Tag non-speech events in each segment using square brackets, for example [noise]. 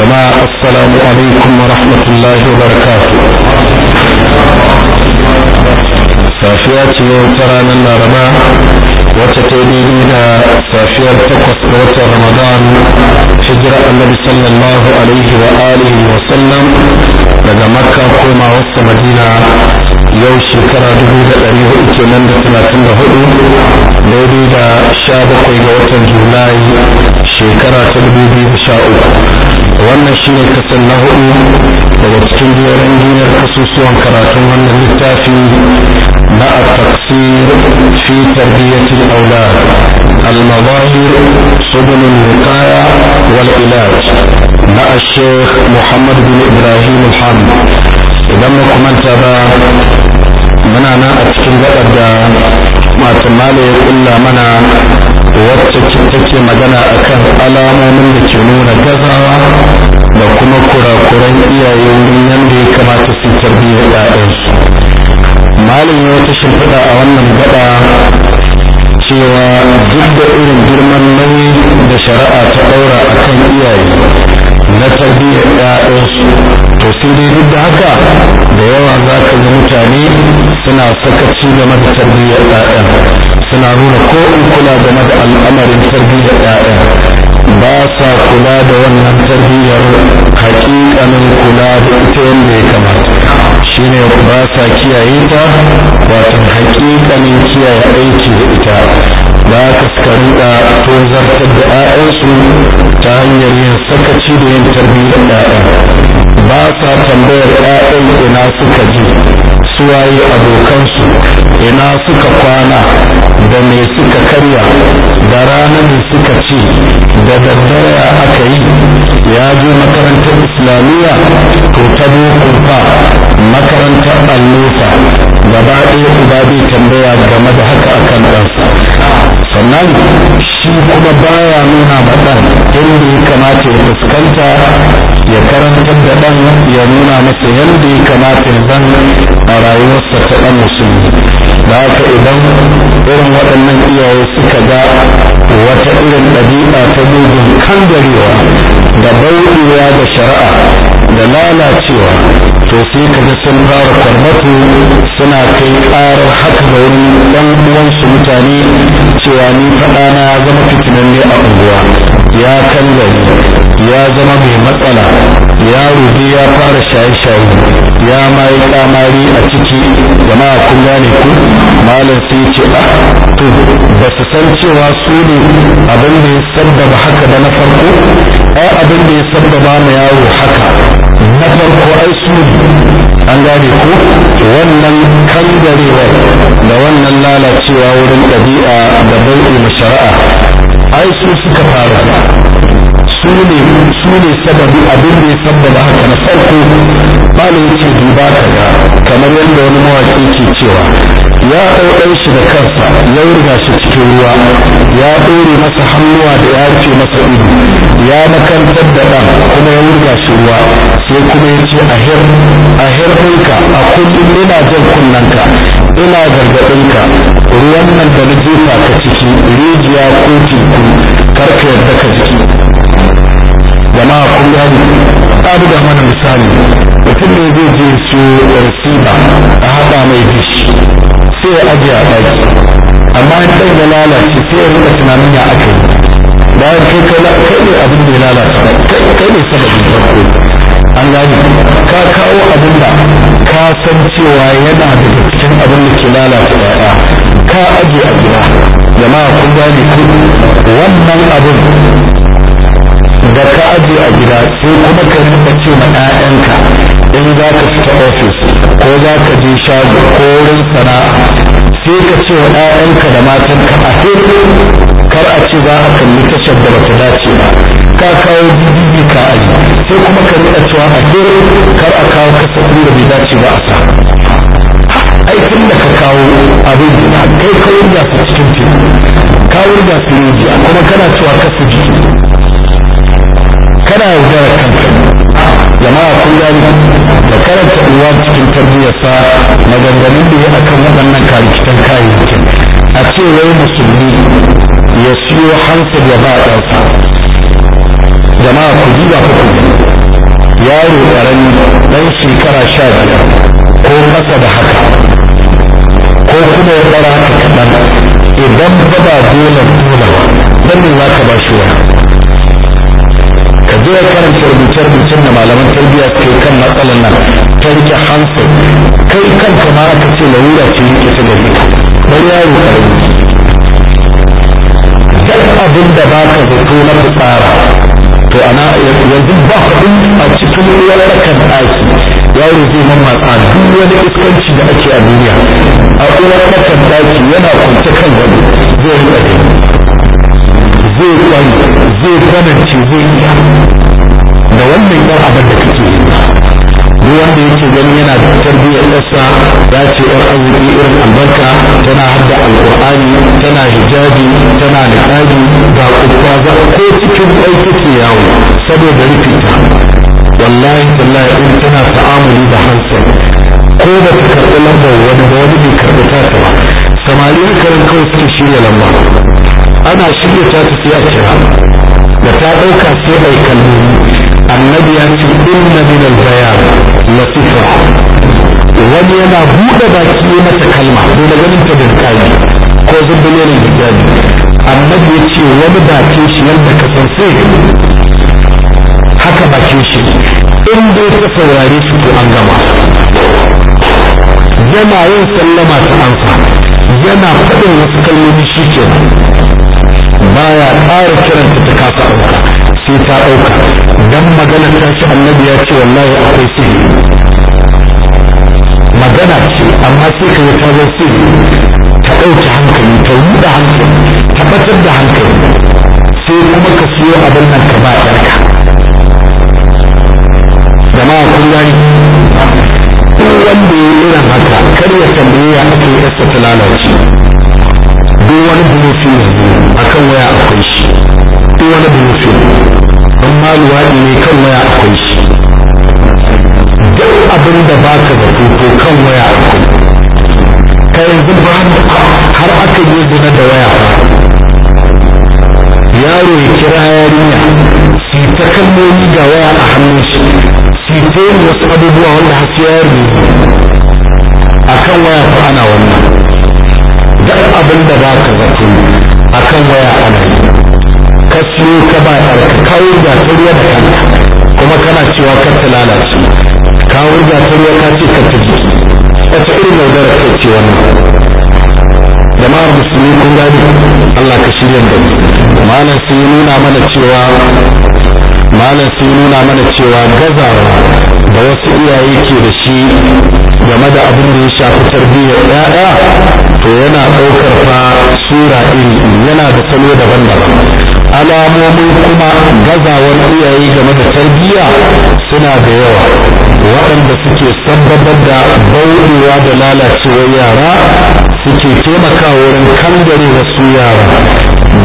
jama'a assalamu alaikum wa rahmatullahi wa safiya ce ta ranar laraba wacce ta daidai da safiyar takwas da watan ramadan hijira annabi sallallahu alaihi wa alihi wa sallam daga makka koma wasu madina yau shekara dubu da ɗari hudu kenan da talatin da hudu daidai da sha bakwai ga watan julai shekara ta dubu biyu da sha uku wannan shi ne kasan na hudu daga cikin jerin dinar kasusuwan karatun wannan littafi na a taksir fi tarbiyyatin aula al-mazahir subul wiqaya wal ilaj na a shekh muhammad bin ibrahim al-hamd idan mu manta ba muna nan a cikin gaɗar da masu ya kulla mana wacce take magana a kan alamomin da ke nuna gazawa da kuma kurakuran iyaye wurin yadda ya kamata su tarbiyyar ɗaɗansu malin ya wata shimfiɗa a wannan gaɗa cewa duk da irin girman nauyi da shari'a ta ɗaura kan iyaye na tarbiyyar ƴaƴansu to sai dai duk da haka da yawa za ka ga mutane suna sakaci game da tarbiyyar ƴaƴan suna nuna ko in kula game da al'amarin tarbiyyar ƴaƴan ba sa kula da wannan tarbiyyar haƙiƙanin kula da ita yadda ya kamata shine ba sa kiyaye ta wato hakikanin kiyaye aiki da ita ba ka suka rinka tozartar da 'ya'yansu ta hanyar yin sakaci da yin tarbiyyar 'ya'yan ba sa tambayar 'ya'yan ina suka ji suwaye abokansu ina suka kwana da me suka karya da ranar suka ce da daddare aka yi ya je makarantar islamiyya to ta boko fa makarantar allufa gaba ɗaya uba bai tambaya game da haka akan ɗansa sannan shi kuma baya nuna ma ɗan inda ya kamata ya fuskanta ya karanta da ɗan ya nuna masa yadda ya kamata ya zan a rayuwarsa ta ɗan musulmi da idan irin waɗannan iyaye suka ga wata irin ɗabi'a ta mugun kangarewa da bauɗewa da shari'a da lalacewa to sai ka ga sun fara kwarmatu suna kai ƙarar haka da wani ɗan uwansu mutane cewa ni faɗa na ya zama fitinanne a unguwa ya kallari ya zama mai matsala ya rubi ya fara shaye-shaye ya ma yi a ciki jama'a kun gane ku malam sai ce a ah, to ba su san cewa su ne abin da ya sabbaba haka ba na farko ai abin da ya sabbaba ma yaro haka na farko ai su an gane ko wannan kangarewa da wannan lalacewa wurin ɗabi'a da bai'i na shari'a ai su suka fara su ne su ne sababi abin da ya sabbaba haka na farko malin ce duba kaga kamar yadda wani mawaƙi ke cewa ya ɗauɗan shi da kansa ya riga shi cikin ruwa ya ɗore masa hannuwa da ya ce masa ido ya makantar da ɗan kuma ya sai kuma ya ce a her a kullum ina jan kunnanka ina gargaɗinka ruwan nan da na jefa ka ciki rijiya ko teku karka ka ka jiki jama'a kun gani abu buga mana misali mutum ne zai je siyo rasiba a haɗa mai dishi sai ya ajiye a ɗaki amma in ɗan ya lalace sai ya rika tunanin ya aka yi bayan kai kai ne abin da ya lalace kai ne sababin farko an gane ka kawo abin da ka san cewa yana da cikin abin da ke lalata ya'ya ka aje a gida jama'a kun gani ku wannan abin da ka aje a gida sai kuma ka rinka ce ma 'ya'yanka in za ka fita ofis ko za ka je shago ko wurin sana'a sai ka ce wa 'ya'yanka da matanka a kar a ce za a kalli tashar da bata dace ba ka kawo bidiyo ka aji sai kuma ka riƙa cewa a dole kar a kawo kasafin da bai dace ba a sa aikin da ka kawo abin kai ka da su cikin fim kawai da su rijiya kuma kana cewa kasafi kana yaudarar kanka jama'a kun gani da karanta uwa cikin tarbiyyar sa, maganganun da ya akan waɗannan karikitan kayayyakin a ce wai musulmi ya siyo hansar ya ba ɗansa jama'a ku ba ku yaro ƙarami ɗan shekara sha biyar ko ƙasa da haka ko kuma ya ɗara haka kaɗan idan ba ba dole dole ba ne za ka ba shi wani ka je ya karanta rubuce-rubucen da malaman tarbiyya ke kan matsalar nan ta rike hansar kai kanka ma aka ce larura ce yake ta gari bari yaro ƙarami duk abin da ba ka zato na fitsara to ana yanzu ba kuɗin a cikin uwar kan ɗaki yaro zai mammatsa duk wani iskanci da ake a duniya a uwar kan ɗaki yana kwance kan wani zai yi ɗari zai kwani zai kwanance zai iya da wannan yan abin da kake yi duk wanda yake gani yana da tarbiyyar ƙasa ya ce yar arziki irin albarka tana hadda alƙur'ani tana hijabi tana niƙabi ga kuka za ko cikin ɗauki ke yawo saboda rikita. wallahi tallahi in tana ta'amuli da hansa ko ba ta karɓi lambar wani ba wani bai karɓi ta ta ba samari karan kawai sun shirya lamba ana shirya ta ta sai a kira da ta ɗauka sai ai kalmomi annabi ya ce inna min al-bayan latifa wani yana buɗe baki ya mata kalma ko da ganin ta da ko zubbin ne da annabi ya ce wani bakin shi yadda ka san sai haka bakin shi in dai ka saurare su ko an gama yana yin sallama ta amsa yana faɗin wasu kalmomi shi ke baya ƙara kiranta ta kasa sai ta ɗauka don magana ta ce annabi ya ce wallahi akwai sihiri magana ce amma sai ka yi ta zo sihiri ta ɗauke hankali ta yi da hankali ta batar da hankali sai kuma ka siyo abin nan ka ba ɗarka jama'a kun gani wanda ya yi irin haka kar ya tambaye ya ake yasa ta lalace duk wani bulufin yanzu akan waya akwai shi duk wani bulufin don ma luwaɗi ne kan waya akwai shi duk abin da ba ka da to kan waya akwai ka yanzu ba har aka yi zina da waya yaro ya kira yarinya su ta kalmomi ga waya a hannun shi su ta yi wasu abubuwa wanda hasi yaro a kan waya fa ana wannan duk abin da ba ka zato a kan waya ana yi ka siyo ka ba ɗarka ka kawo ta da kanka kuma kana cewa kanta ta lalace kawo wurga ta ka ce kar ta jiki wata irin yaudara kai ce wannan jama'ar musulmi kun gani Allah ka shirya da mu malam sai nuna mana cewa malam sai nuna mana cewa gazawa da wasu iyaye ke da shi game da abin da ya shafi tarbiyyar ya'ya to yana ɗaukar fa sura iri yana da salo daban-daban alamomin kuma gazawar iyaye game da tarbiyya suna da yawa waɗanda suke sabbabar da bauɗewa da lalacewar yara suke taimakawa wurin kangare wasu yara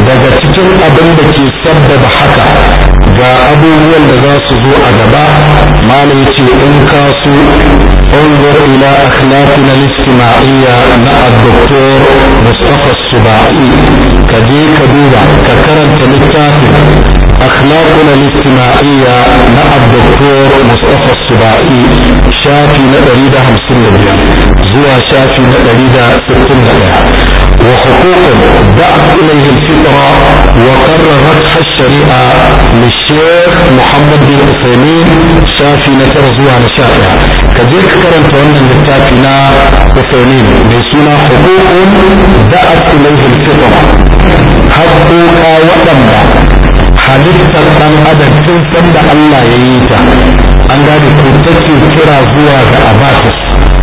daga cikin abin da ke sabbaba haka ga abubuwan da za su zo a gaba malam ce in ka su انظر الى اخلاقنا الاجتماعية مع الدكتور مصطفى السباعي كجي كدوبة ككرم تلتافي اخلاقنا الاجتماعية مع الدكتور مصطفى السباعي شافي نقريبا 50 مليون zuwa shafi na ɗari da sittin da ɗaya wa hukukun da'at ilayhi fitra wa qarrarat ash-shari'a li Muhammad bin Uthaymeen shafi na tara zuwa na sha ɗaya ka je ka karanta wannan littafi na Uthaymeen mai suna hukukun da ilayhi al-fitra haƙoƙa waɗanda halittar ɗan adam tun sanda Allah ya yi ta an gane ko take kira zuwa ga abatis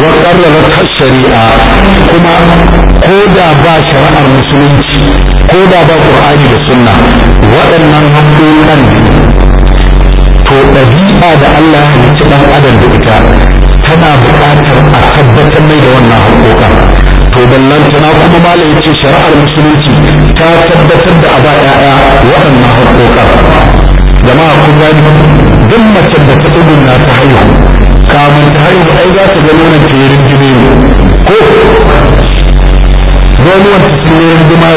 wa qarrarat shari'a kuma ko da ba shari'ar musulunci ko da ba qur'ani da sunna waɗannan haƙoƙan to ɗabi'a da Allah ya ci ɗan adam da ita tana buƙatar a tabbatar mai da wannan haƙoƙan to ballantana kuma malam ya ce shari'ar musulunci ta tabbatar da a ba 'ya'ya waɗannan haƙoƙan jama'a kun gani duk mace da ta na ta haihu kamar ta haihu ai za ta ga nonon ta jini ne ko domin ta sun jima rigima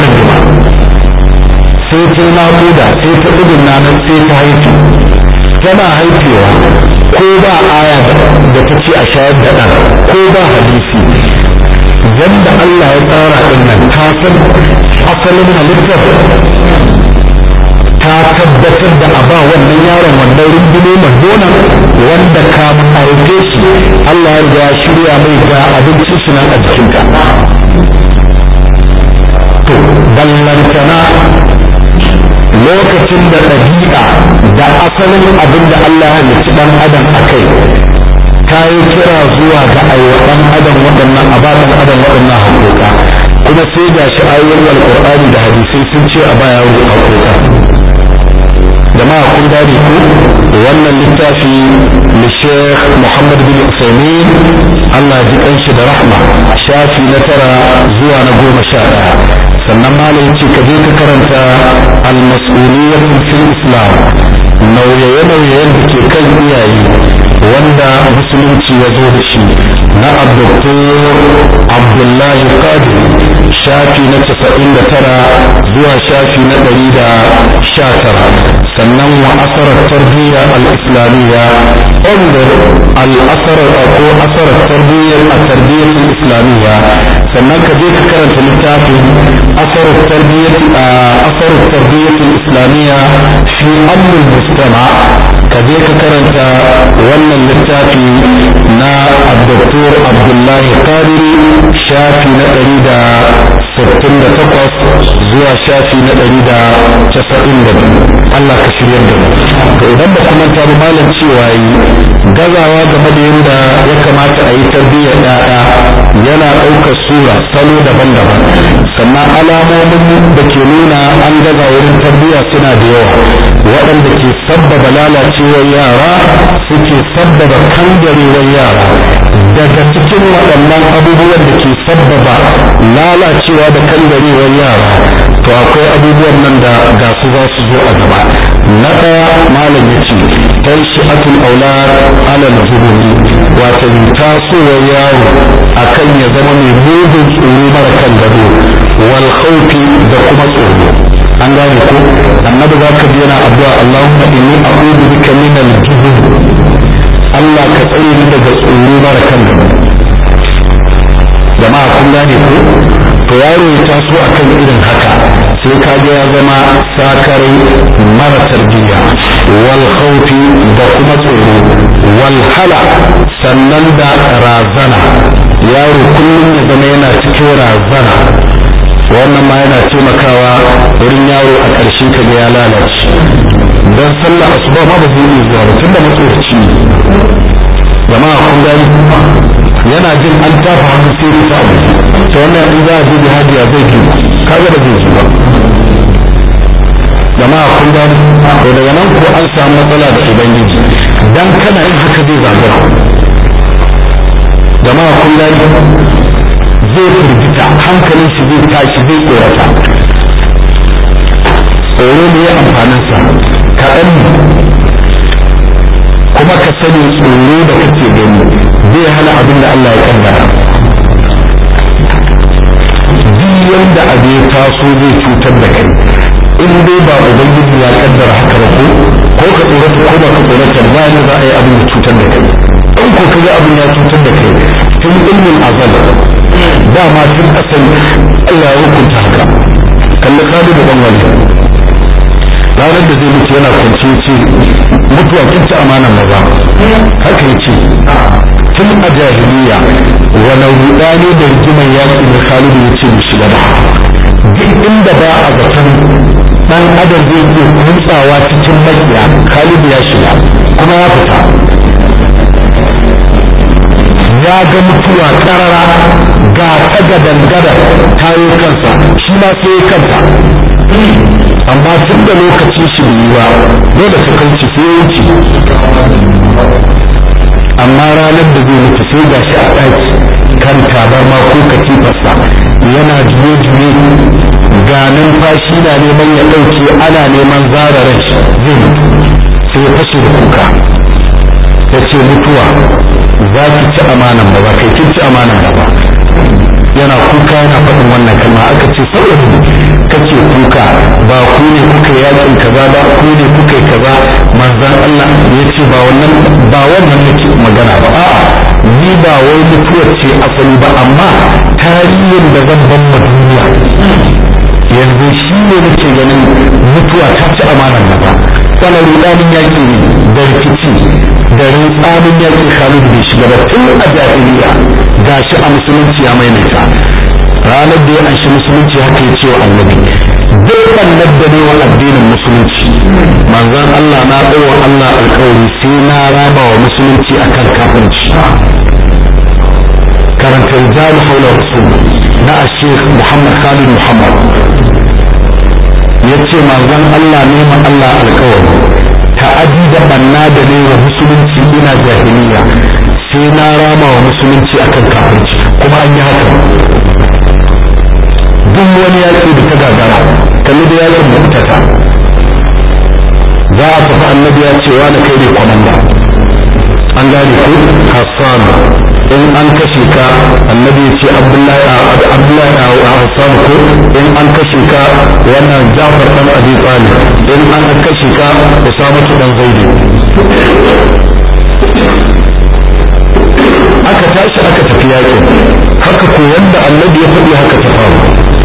sai ta naƙuda sai ta ɗigun na nan sai ta haifi tana haifewa ko ba aya da ta ce a shayar da ɗan ko ba hadisi yadda Allah ya tsara ɗin nan ta san asalin halittar ta tabbatar da a ba wannan yaron wannan rundume mardona wanda ka haife shi Allah ya riga shirya mai ga abinci suna a jikinka to ballantana lokacin da ɗabi'a da asalin abin da Allah ya nufi ɗan adam a kai ta yi kira zuwa ga ayyukan adam waɗannan a ɗan adam waɗannan haƙoƙa kuma sai ga shi ayoyin alƙur'ani da hadisai sun ce a baya haƙoƙa jama'a kun gane ku da wannan littafi na Sheikh Muhammad bin Usaimin Allah ji kanshi da rahma shafi na tara zuwa na goma sha ɗaya sannan malam ce ka je ka karanta al-mas'uliyyah fil islam nauye-nauyen da ke kan iyaye wanda musulunci ya zo da shi na abdoktor abdullahi kadi shafi na casa'in da tara zuwa shafi na ɗari da sha tara. تنمو اثر التربية الاسلامية انظر الاثر او اثر التربية التربية الاسلامية سنك ديك كرن تلتاتي اثر التربية آه، اثر التربية الاسلامية في امن المجتمع ka je ka karanta wannan littafi na abdoktor abdullahi kadiri shafi na ɗari da sittin da takwas zuwa shafi na ɗari da casa'in da biyu allah ka shirya da mu to idan ba kuma ta malam cewa yi gazawa game da yadda ya kamata a yi tarbiyya ɗaya yana ɗaukar sura salo daban-daban sannan alamomin da ke nuna an gaza wurin tarbiyya suna da yawa waɗanda ke sabbaba lalace a yara suke sabbaba kangarewar yara daga cikin waɗannan abubuwan da ke sabbaba lalacewa da kangarewar yara to akwai abubuwan nan da ga su za su zo a gaba na ɗaya malam ya ce tan shi atul aular alal zuburi wato tasowar yaro akan ya zama mai mugun tsoro mara kan gado wal da kuma tsoro an gane ko annabi za ka yana addu'a Allahumma inni a'udhu bika min al-jubn Allah ka tsare ni daga tsoro mara kan jama'a kun gane ko to yaro ya taso akan irin haka sai ka ga ya zama sakare mara tarbiyya wal khawfi da kuma tsoro wal hala sannan da razana yaro kullum ya zama yana cikin razana wannan ma yana taimakawa wurin yaro a ƙarshen ka ya lalace don sallah asuba ma ba zai zuwa ba da matsoraci jama'a kun gani yana jin an tafa hannu sai ta abu ta wannan in za a je hajji ya zai ji kaga da zai ji ba jama'a kun gani to daga nan ko an samu matsala da ubangiji dan kana yin haka zai zagara jama'a kun gani zai firgita hankalin shi zai tashi zai korata tsoro ne ya sa kaɗan kuma ka sani tsoro da kake gani zai hana abin da Allah ya kaddara biyan yanda abu ya taso zai cutar da kai in dai ba ubangiji ya kaddara haka ba ko ko ka tsorata ko ba ka tsorata ba ne za a yi abin da cutar da kai in ko ka ga abin ya cutar da kai tun ilmin azal dama tun asali Allah ya hukunta haka kalli kadu da ban wani ranar da zai mutu yana kwance ce mutuwa kin ci amanan maza haka yace tun a jahiliya wani rudani da rigimar yaki na kalibu ya ce mishi gaba duk inda ba a zaton dan adam zai iya kuntsawa cikin makiya kalibu ya shiga kuma ya fita ya ga mutuwa karara ga tsaga dangada ta yi kansa shi ma sai ya kanta amma tun da lokacin shi bai yi ba dole ta kauce sai wuce amma ranar da zai mutu sai ga shi a ɗaki kan tabarma ko fasa yana jiye-jiye ga fashi na neman ya ɗauke ana neman zara ran zai mutu sai ya fashe da kuka ya ce mutuwa za ki ci amanan ba kai kin ci amanan ba yana kuka yana faɗin wannan kalma aka ce saboda kake kuka ba ku ne kuka yakin kaza ba ku ne kuka kaza manzan Allah ya ce ba wannan ba wannan nake magana ba a'a ni ba wai mutuwar ce asali ba amma tarihin da zan ban ma duniya yanzu shi ne nake ganin mutuwa ta ci amanan na ba kwanar rudanin yaƙi ne da rikici garin tsamin yakin khalid bai shiga ba tun a jahiliya shi a musulunci ya maimaita ranar da ya anshi musulunci haka ya ce wa annabi duk annar da ne wa addinin musulunci manzon Allah na ɗaura Allah alƙawari sai na raba wa musulunci akan kafirci karanta rijalu haula rasul na ashekh Muhammad Khalid Muhammad ce manzon Allah ne ma Allah alkawari ta'adi da banna da ne wa musulunci ina jahiliya sai na rama wa musulunci akan kafirci kuma an yi haka duk wani yaƙi da ta gagara kalli da yaƙin mutata za a tafi annabi ya ce na kai ne kwamanda an gane ko hassan in an kashe ka annabi ya ce abdullahi a hassan ko in an kashe ka wannan jafar dan abi talib in an kashe ka usama dan zaidi aka tashi aka tafi yakin haka ko wanda annabi ya faɗi haka ta faru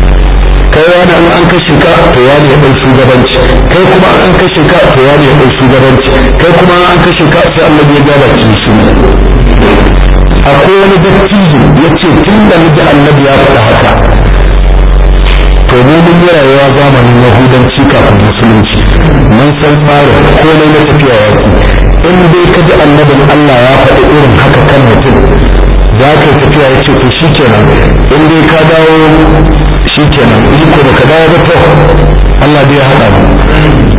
kai wani in an kashe ka to wani ya ɗau shugabanci kai kuma in an kashe ka to wani ya ɗau shugabanci kai kuma in an kashe ka sai Allah ya gabace su akwai wani dattijo ya ce tun da miji annabi ya faɗa haka to mu mun yi rayuwa zamanin yahudanci kafin musulunci mun san tsarin komai na tafiya ya yaki in dai ka ji annabin Allah ya faɗi irin haka kan mutum za ka tafiya ya ce to shi kenan in dai ka dawo shi kenan in ko baka dawo ba to Allah bai haɗa mu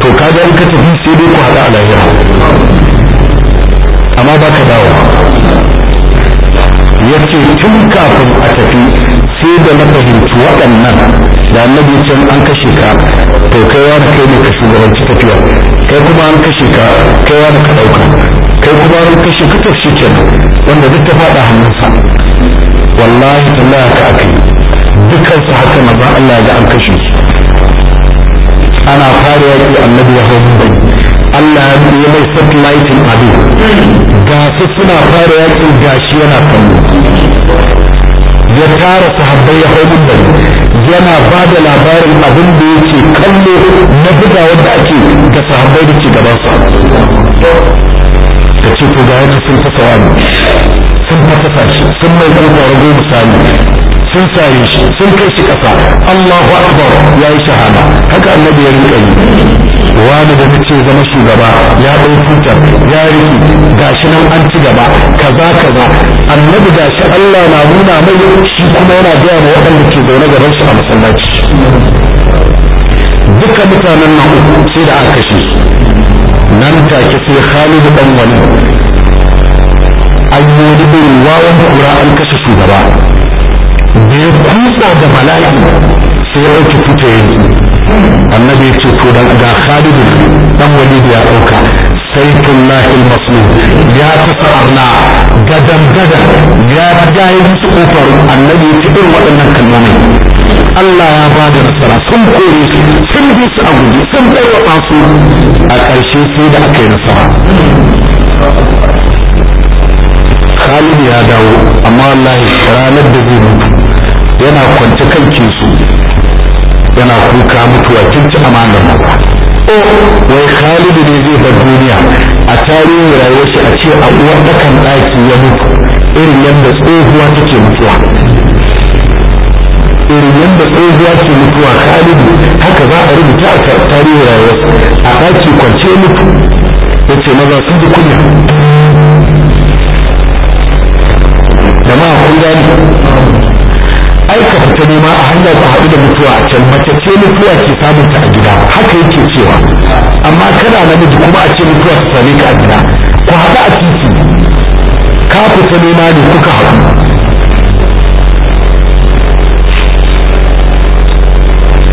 to kaga in ka tafi sai dai ku haɗa a lahira amma ba ka dawo ya ce tun kafin a tafi sai da na fahimci waɗannan da annabi can an kashe ka to kaiwa da kai ne ka shugabanci tafiya kai kuma an kashe ka kaiwa da ka ɗauka kai kuma an kashe ka to shi kenan wanda duk ta faɗa hannunsa wallahi tallahi ka akai dukansu haka maza Allah ya ga an kashe su ana fara yaƙi annabi ya hau bai Allah ya yi mai satellite abu ga su suna fara yaƙi gashi yana kallo ya tara sahabbai ya hau bai yana ba da labarin abin da yake kallo na buga wanda ake ga sahabbai da ke gaban sa ta ce to ga yana sun fasa wani sun fasa shi sun mai ƙoƙarin goma misali. sun sare shi sun kai shi kasa Allahu akbar ya yi shahada haka annabi ya rika yi wani da ce zama shugaba ya ɗau tutar ya riki gashi nan an ci gaba kaza kaza annabi gashi Allah na nuna mai shi kuma yana gaya ma waɗanda ke zaune gaban shi a masallaci duka mutanen nan uku sai da aka kashe nan take sai Khalid dan wani an wani irin wawan kura an kashe shugaba da ya kusa da bala'i sai ya wuce fito annabi ya ce to da khalidu dan walidi ya ɗauka saifullah al-maslum ya tafi arna gadan gadan ya ja yi musu kofar annabi ya ce irin waɗannan kalmomi Allah ya ba da nasara sun kore su sun bi su a guji sun ɗaya su a ƙarshe sai da aka yi nasara Khalid ya dawo amma wallahi ranar da zai mutu yana kwance kan kinsu yana kuka mutuwa kin ci amana ba o oh, wai khalidu ne zai bar duniya a tarihin rayuwar shi a ce a uwar dakan daki ya mutu irin yadda tsohuwa take mutuwa irin yadda tsohuwa ke mutuwa khalidu haka za a rubuta a tarihin rayuwar a daki kwance mutu yace maza sun ji kunya jama'a kun gani aka fita nema a hanya ku haɗu da mutuwa a can mace ce mutuwa ke samun ta a gida haka yake cewa amma kana namiji kuma a ce mutuwa ta same ka a gida ku haɗu a titi ka fita nema ne kuka haɗu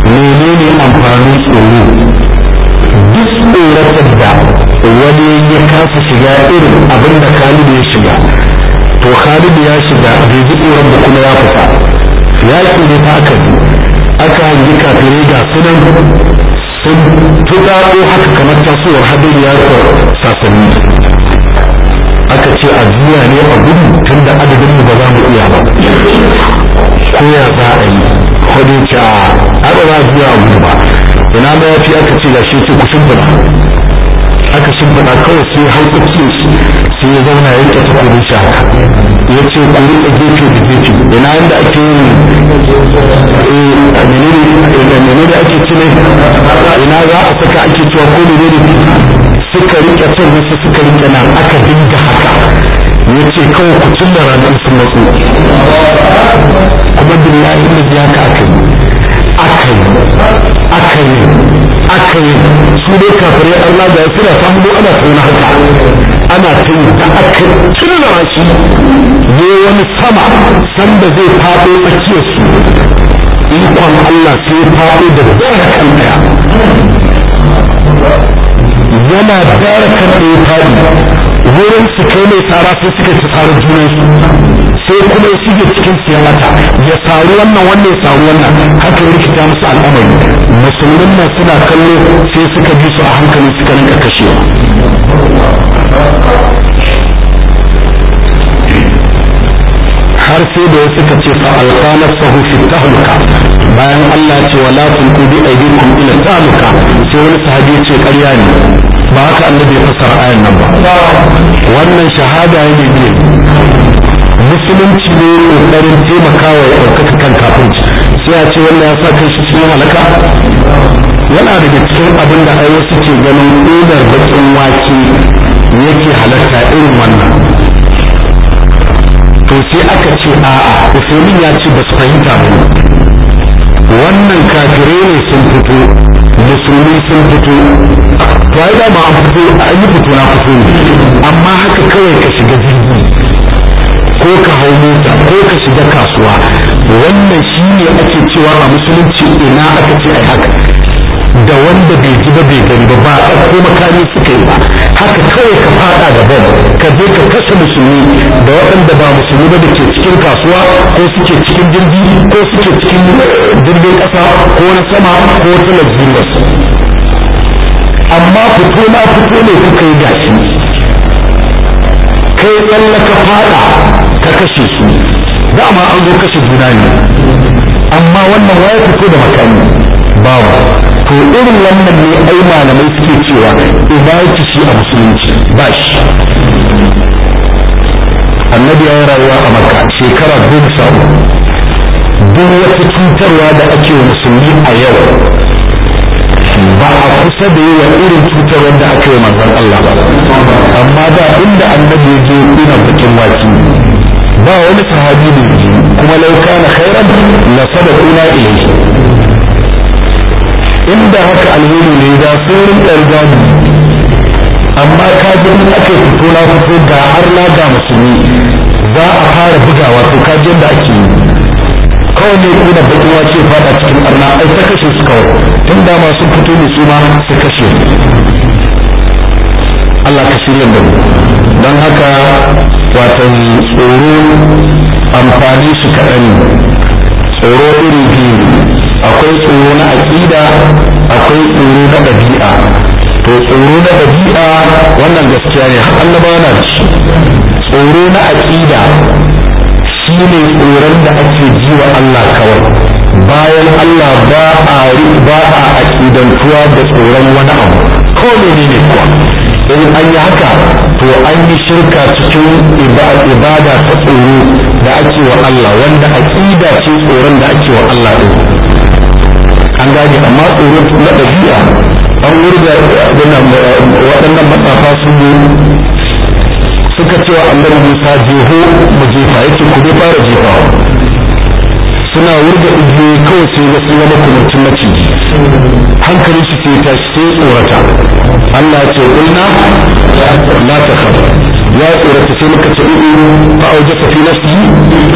menene amfanin tsoro duk tsoratar da wani ya kasa shiga irin abin da ya shiga to khalidu ya shiga bai ji tsoron da kuma ya fita yaƙi ne fa aka bi aka hangi kafirai ga sunan sun tuɗaɗo haka kamar tasowar hadari ya sasanni aka ce a juya ne a gudu tun da adadin mu ba za mu iya ba ko ya za a yi hudu ce a aka za a juya gudu ba ina ma yafi aka ce gashi ce ku shimfiɗa aka shimfiɗa kawai sai hau tsakiya shi sai ya zauna ya rike takobin shi haka ya ce ku rika gefe da gefe ina yadda ake yin eh, menene da eh, ake cire ina za a saka ake cewa ko menene suka rike can wasu suka rike nan aka dinga haka ya ce kawai ku cin ranar sun matsu kuma billahi da ya ka aka yi aka yi aka yi aka yi su dai kafirai Allah da ya suna samu ana tona haka ana ta yi ta aka tunna shi ne wani sama sanda zai faɗo tsakiyar su ikon Allah sai faɗo da dara kan daya yana dara kan daya faɗi wurin su kai mai tsara sai suka ci tsarar junansu sai kuma ya shige cikin siyasa ya saru wannan wannan ya saru wannan haka ya rikita musu al'amari musulmin nan suna kallo sai suka bi su a hankali suka rinka kashewa har sai da wasu ka ce fa alqana sahu fi tahluka bayan Allah ce wala tulqu bi aydikum ila tahluka sai wani sahabi ya ce karya ne ba haka annabi ya fasara ayan nan ba wannan shahada ne ne musulunci ne kokarin taimakawa ya ɗaukaka kan kafirci sai a ce wannan ya sa kan shi cikin halaka yana da cikin abin da ai wasu ke ganin da baƙin wake yake halarta irin wannan to sai aka ce a'a usulun ya ce ba su fahimta ba wannan kafirai ne sun fito musulmi sun fito to ai da ma an fito a yi fito na fito ne amma haka kawai ka shiga jirgi ko ka hau mota ko ka shiga kasuwa wannan shi ne ake cewa a musulunci ina aka ce ai haka da wanda bai ji ba bai gani ba ba ko makami suka yi ba haka kawai ka fada da ban ka je ka kasa musulmi da waɗanda ba musulmi ba da ke cikin kasuwa ko suke cikin jirgi ko suke cikin jirgin ƙasa ko na sama ko talabijin wasu. amma fito na fito ne kuka yi gashi kai tsalle ka fada ka kashe su dama an zo kashe juna ne amma wannan waya fito da makami bawa to irin wannan ne ai malamai suke cewa ibaci shi a musulunci ba shi annabi ya rayuwa a makka shekara goma sha duk wata cutarwa da ake musulmi a yau ba a kusa da yi wa irin cutar wanda aka yi manzon Allah ba amma da inda annabi ya je ina bakin waki ba wani sahabi ne kuma lauka na khairan la sadaquna ilayhi inda haka alheri ne da sun ɗarga amma ka ji in aka fito na fito ga har na ga musulmi za a fara bugawa to ka ji yadda ake yi kawai ne kuna bakin ce fada cikin arna ai ta kashe su kawai tun da masu fito ne su ma su kashe Allah ka shirya da don haka wata tsoro amfani shi kaɗan tsoro iri biyu akwai tsoro na aƙida akwai tsoro na ɗabi'a to tsoro na ɗabi'a wannan gaskiya ne annabawa na da shi. tsoro na aƙida shi ne tsoron da ake ji wa Allah kawai bayan Allah ba a ba a aƙidantuwa da tsoron wani abu ko ne ne kuwa in an yi haka to an yi shirka cikin ibada ta tsoro da ake wa Allah wanda aƙida ce tsoron da ake wa Allah din an gane amma tsoro na ɗabi'a an wurga eh, eh, waɗannan matsafa sun yi suka ce wa annabi Musa jeho mu jefa yace ku dai fara jefawa suna wurga igiyoyi kawai sai ga sun zama kumancin maciji hankalin shi sai ta shi sai tsorata Allah ce ulna la takhaf ya tsorata sai muka ce in fa aujasa fi nafsi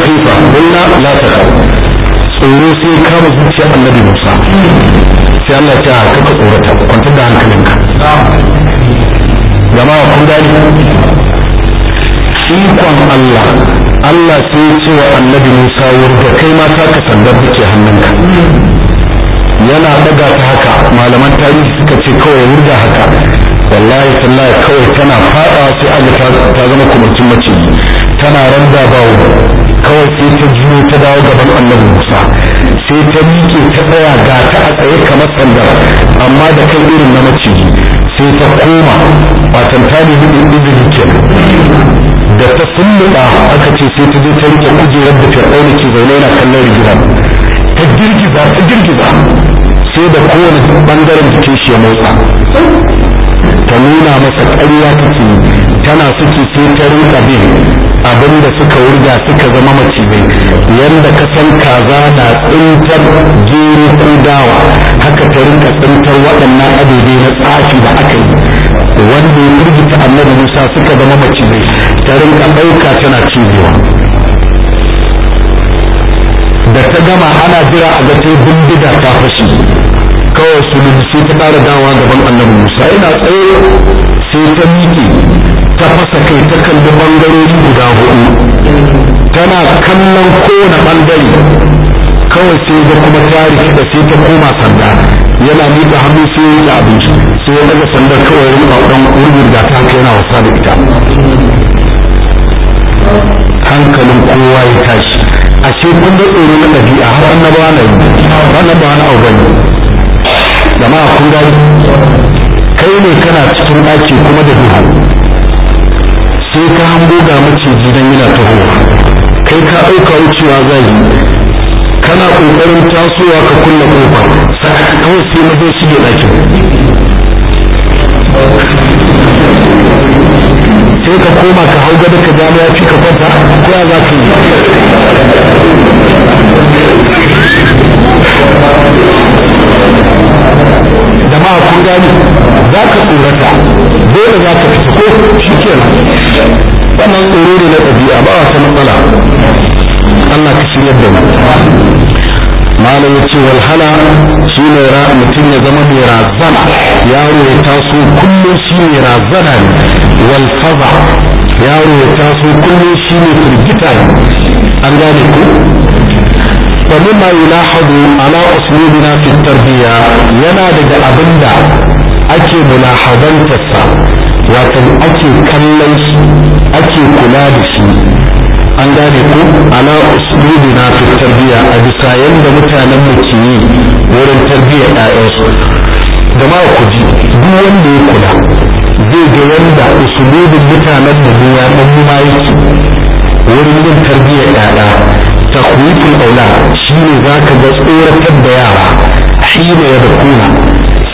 khifa ulna la takhaf tsoro sai kama zuciyar annabi Musa sai Allah ta ah, kaka tsorata kwanta da hankalinka jama'a kun gani ikon Allah Allah sai ce wa annabi Musa wanda kai ma ta ka sandar da hannunka yana daga ta haka malaman tarihi suka ce kawai wurga haka wallahi tallahi kawai tana fada sai an ta zama kumurcin mace tana randa bawo kawai sai ta juyo ta dawo gaban annabi Musa sai ta miƙe ta tsaya ga ta a tsaye kamar sandar amma da kan irin na maciji sai ta koma watan ta nemi ɗin kenan da ta sulluɗa aka ce sai ta zo ta rike kujerar da da ke zaune yana kallon rigima ta girgiza ta girgiza sai da kowane bangaren jikin shi ya motsa ta nuna masa ƙarya take tana suke sai ta rinka bin abinda suka wurga suka zama macizai yadda ka san kaza na tsintar jini ko dawa haka ta rinka tsintar waɗannan adobe na tsafi da aka yi wanda ya ta annabi musa suka zama macizai ta rinka ɗauka tana cizewa da ta gama ana jira a ga sai bindiga ta fashi kawai su sai ta ƙara dawa gaban annabi musa ina tsaye sai ta miƙe ta fasa kai ta kalli bangarori guda hudu tana kallon kowane bangare kawai sai ga kuma tarihi da sai ta koma sanda yana miƙa hannu sai ya abinci sai ya daga sandar kawai rinka ɗan wurin da ta haka yana wasa da ita hankalin kowa ya tashi a ce kun da tsoro na ɗabi'a har annabawa na yi ba na auren ne jama'a kun gani kai ne kana cikin ɗaki kuma da duhu sai ka hango ga maciji dan yana tahowa kai ka ɗauka wucewa zai kana ƙoƙarin tasowa ka kulle ƙofa kawai sai na zo shige ɗakin sai ka koma ka hau gada ka gano ya fi ka kwanta ko ya za ka yi jama'a kun gani za ka tsorata dole za ka fita ko shi kenan wannan tsoro ne na ɗabi'a ba wata matsala Allah ka shirya da mu malam ya ce walhala shi ne mutum ya zama mai razana yaro ya taso kullum shi ne razana ne walfaza yaro ya taso kullum shi ne firgita an gane ku ومما يلاحظ على أسلوبنا في التربية ينا دقى أبندا أكي ملاحظا تسا وكان أكي كلس أكي كلابس an gane ko ala usulubi na fi tarbiya a bisa yadda mutanen mu ke yi wurin tarbiyyar ɗayansu da ma ku ji duk wanda ya kula zai ga yadda usulubin mutanen mu ya ɗan ma yake wurin yin tarbiyyar ɗaya takhwiful aulad shine zaka ga tsoratar da yara hina ya dakuna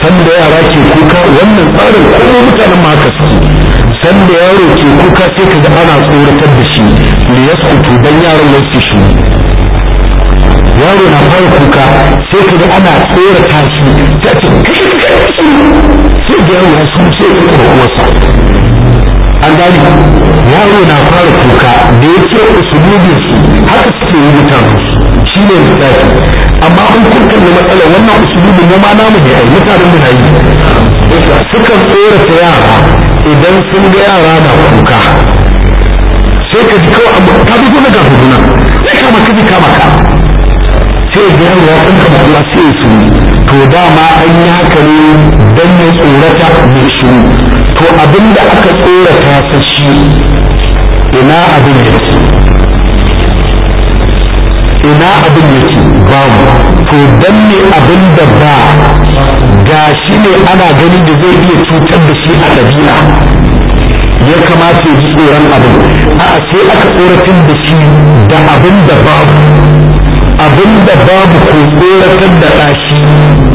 sanda yara ke kuka wannan tsarin kuma mutanen ma haka sanda yaro ke kuka sai ka ana tsoratar da shi ne ya sukutu dan yaron nan su shi yaro na fara kuka sai ka ana tsorata shi ta ce sai ga yaro ya sun ce ya kuma an gani yaro na fara kuka da ya ce usulubin su haka suke yi mutane shi ne misali amma an kurkan da matsalar wannan usulubin mu ma namu ne ai mutanen da na yi sukan tsorata yara idan sun ga yara na kuka sai ka ji kawai abu ka bi kuma ga huduna sai kama ka ji kama ka sai ga yaro ya san kama Allah sai su to dama an yi haka ne dan ya tsorata mai shiru to abin da aka tsora ta shi ina abin yake ina abin ba babu to dan ne abin da ba ga shi ne ana ganin da zai iya cutar da shi a ɗabi'a ya kamata ya ji tsoron abin a'a sai aka tun da shi da abin da babu abin da babu ko tsoratar da ɗashi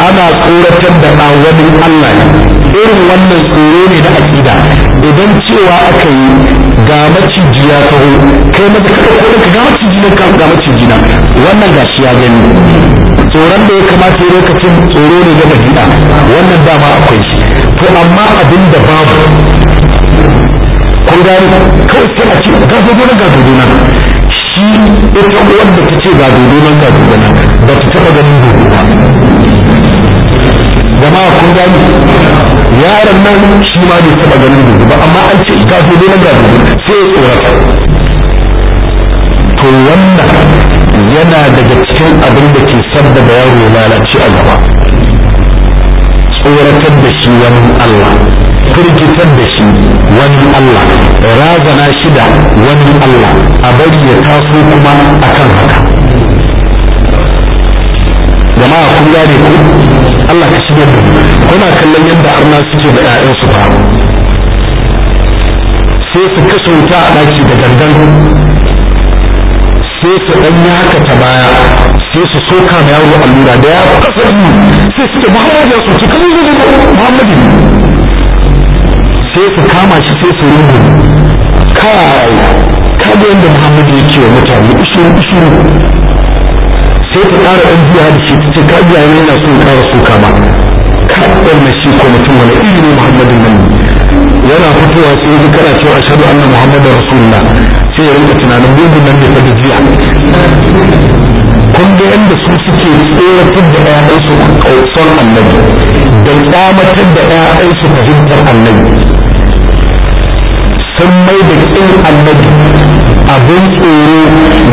ana tsoratar da ɗa wani Allah ne irin wannan tsoro ne na aƙida idan cewa aka yi ga macijiya ya taho kai mata ka ɗauko ka ga maciji na ga maciji na wannan gashi ya gani tsoron da ya kamata ya lokacin tsoro ne na madina wannan dama akwai shi to amma abin da babu kun gani kawai sai a ce ga na ga na shi ita wanda ta ce ga na ga na ba ta taɓa ganin dodo ba jama'a kun gani yaron nan shi ma bai taɓa ganin dodo ba amma an ce ga su na ga sai tsorata to wannan yana daga cikin abin da ke da yaro ya lalace a gaba tsoratar da shi wani Allah firgitar da shi wani Allah razana shida wani Allah a bari ya taso kuma akan haka jama'a kun gane ku Allah ka shige mu kuna kallon yadda arna suke da ƴaƴan su fa sai su kashe wuta a ɗaki da gangan sai su ɗan ya haka ta baya sai su soka da yawon allura da ya kasa yi sai su ke Muhammadu ya soke kan yi Muhammadu sai su kama shi sai su rungu kai kaga yadda Muhammadu yake wa mutane ishirin ishirin sai ta ƙara ɗan biya da shi ce ka biya yana so ya ƙara soka ma ka wannan shi ko mutum wani ilimi muhammadin nan yana fitowa sai ya ji kana cewa ashhadu anna muhammadar rasulullah sai ya rinka tunanin bugun nan bai faɗi jiya kun ga yadda su suke tsoratar da ƴaƴansu son annabi da tsamatar da ƴaƴansu fahimtar annabi sun mai da kin annabi abin tsoro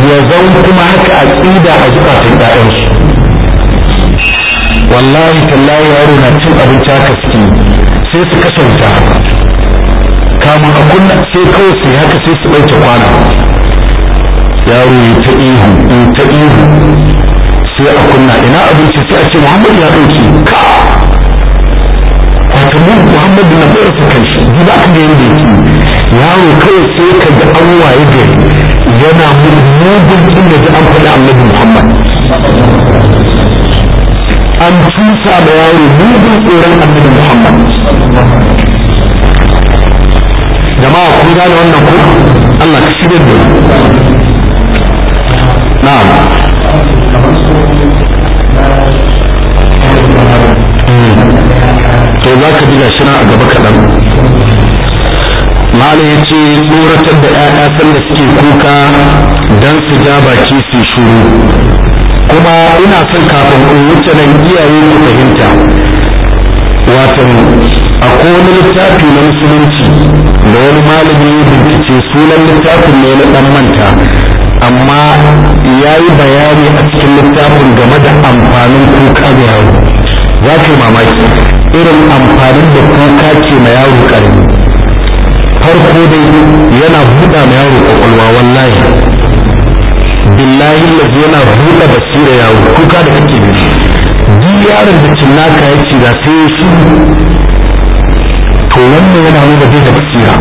ya zan kuma haka a tsida a zukatan ƴaƴansu wallahi tallahi yaro na cin abinci haka suke sai su kasanta kama a kunna sai kawai su haka sai su ɗauke kwana yaro ya ta ihu ya ta ihu sai a kunna ina abinci sai a ce Muhammadu ya ɗauki ka wata mun Muhammadu na ɗaura su kai shi gida ka ga yadda yake yaro kawai sai ka ga an waye da yana mugun inda ta an faɗi annabi muhammad an tusa da yaro mugun tsoron annabi muhammad jama'a kun gane wannan ko allah ka shirya da na'am hmm. to za ka ji gashi na a gaba kaɗan malam ya ce tsoratar da 'ya'ya sanda suke kuka don su ja baki su shuru kuma ina son kafin in wuce nan iyaye ku fahimta wato a wani littafi na musulunci da wani malami ya bincike sunan littafin ne na dan manta amma ya yi bayani a cikin littafin game da amfanin kuka ga yaro za ka mamaki irin amfanin da kuka ke ma yaro karami farko dai yana buɗa ma yaro kwakwalwa wallahi billahi lafi yana buɗa basira yaro kuka da kake ne duk yaron da naka ya ci da sai ya shi to wannan yana nuna da basira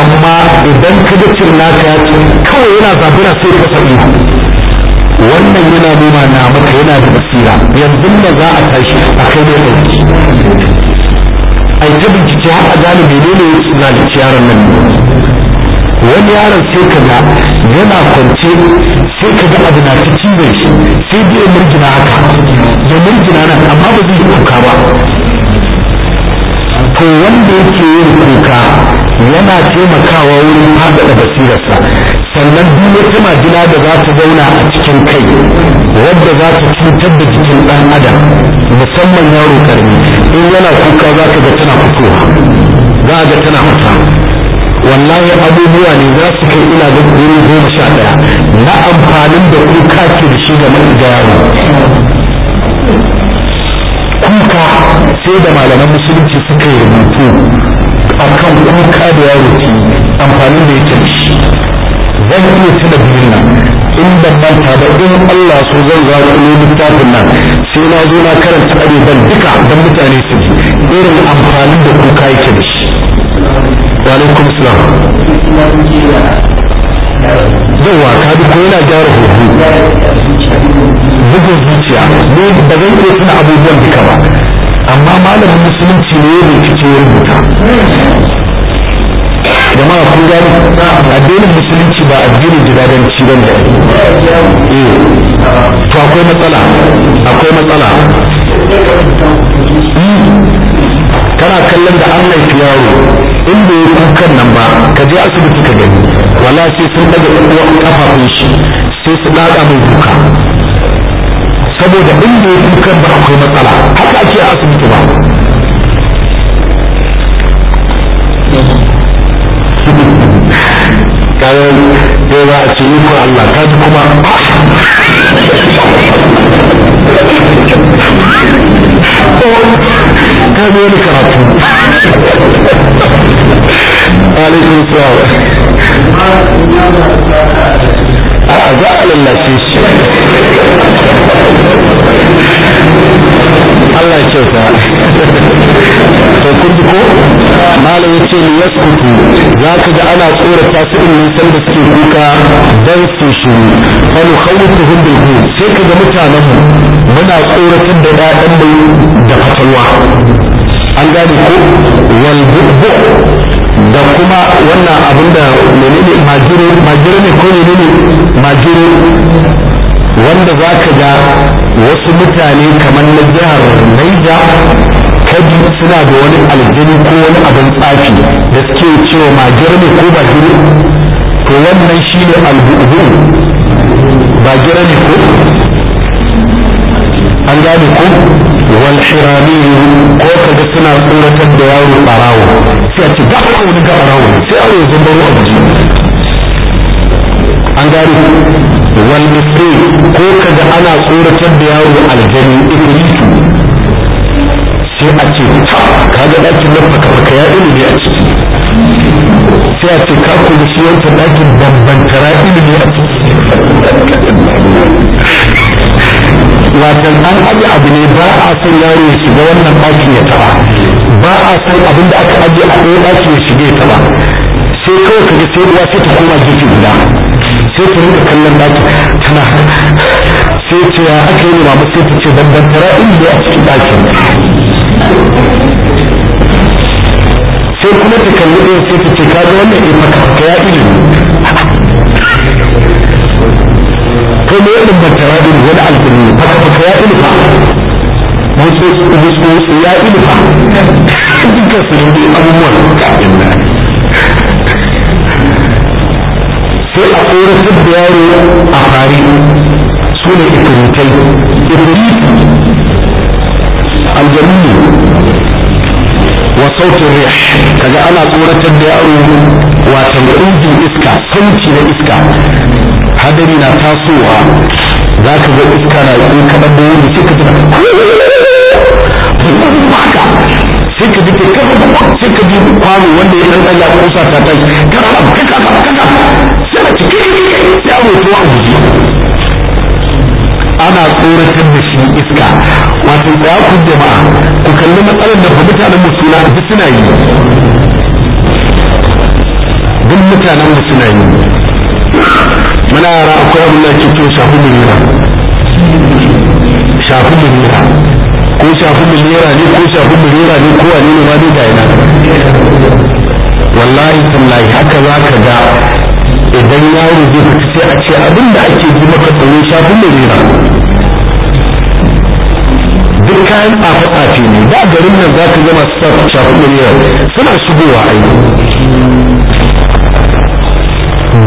amma idan ka ga naka ya ci kawai yana zabura sai ka sabi wannan yana nuna na maka yana da basira yanzu da za a tashi a kai ne ɗauki a ta bincike har a gane menene ya zalici yaron nan wani yaron sai ka ga yana kwance sai ka ga abu na ta cibiyar shi sai da ya murgina haka ya murgina nan amma ba zai kuka ba ko wanda yake yin kuka yana taimakawa wurin da basirarsa sannan duk wata majina da za ta zauna a cikin kai wadda za ta cutar da jikin ɗan adam musamman yaro karni in yana kuka za ka ga tana fitowa za ga tana fita wallahi abubuwa ne za su kai ina da wurin goma sha ɗaya na amfanin da kuka ke da shi ga yaro kuka sai da malaman musulunci suka yi rubutu akan kuka da yaro ke amfanin da ke da shi zan iya tuna biyun nan in ban manta ba in Allah so zan zaƙulo littafin nan sai na zo na karanta ban duka don mutane su ji irin amfanin da kuka yake da shi alaikum salam yauwa ka bi ko yana gyara hudu bugun zuciya ne ba zan iya tuna abubuwan duka ba amma malamin musulunci ne ya bincike ya rubuta jama'a kun gani addinin musulunci ba addinin jidadanci ba ne eh, to akwai matsala akwai matsala hmm, kana kallon da an haifi yaro in da ya kukan nan ba ka je asibiti ka gani wala sai sun daga kafa kafafun shi sai su daga mai kuka saboda in da yi kukan ba akwai matsala haka ake asibiti ba kayan da za a ce ko Allah ka ji kuma ka zo wani karatu alaikun sawa a za a lallace shi Allah ya kyauta to kun ji ko malam ya ce ya kutu za ka ga ana tsorata su in mun san da suke kuka dan su shi fa nu khawtuhum bil hu sai ka ga mutanen mu muna tsoratar da ɗaɗan mu da fatalwa an gane ko wal bubu da kuma wannan abinda menene majiro majiro ne ko menene majiro wanda za ka ga wasu mutane kamar na jihar Naija kaji suna da wani aljini ko wani abin tsafi da suke cewa ma jirgin ko ba to wannan shi ne albubu ba jirgin ne ko an gane ko wal shirani ko kaga suna tsoratar da yaro barawo sai a ce ba wani ga barawo sai a yanzu baro a jiki an gane wal ko ko kaga ana tsoratar da yaro aljani ifritu sai a ce ta kaga ɗakin na faka ya ilimi a ciki sai a ce kaku da shi yanta ɗakin bambantara ilimi a ciki wajen an aje abu ne ba a son yaro ya shiga wannan ɗakin ya taba ba a son abin da aka ajiye a ɗaya ɗakin ya shiga ya taba sai kawai kaga sai ruwa sai ta koma gefe guda sai ta rinka kallon daki tana sai ce ya aka yi mamu sai ta ce babban tara inda a cikin dakin sai kuma ta kalli ɗaya sai ta ce kaji wannan ya maka ka ya ilimi kai ne irin bantara ɗin wani alƙuri ne faka faka ya ilimi wasu ya ilimi duka su yi abubuwan ka'in na sai a tsoratar da yaro a fari su ne ikiritai ibrahim aljamilu wa sautin rih kaga ana tsoratar da yaro watan injin iska sauti na iska hadari na tasowa za ka ga iska na yi kaɗan da wani suka tuna sai ka ji ka sai ka ji kwano wanda ya dan ya kusa ta ta kaka kaka kaka sai ka ji ya mutu a jiki ana tsoratar da shi iska wato ya ku jama'a ku kalli matsalar da mutanen mu suna suna yi duk mutanen mu suna yi muna yara akwai abin da ke ke shafi murira shafi murira ko shafin miliyara ne ko shafin miliyara ne ko wane ne ma dai ga ina wallahi tallahi haka za ka ga idan yaro zai sai a ce abin da ake ji maka tsoro shafin miliyara duk kayan tsafe afi ne da garin nan za ka zama gama shafin miliyara suna shigowa aiki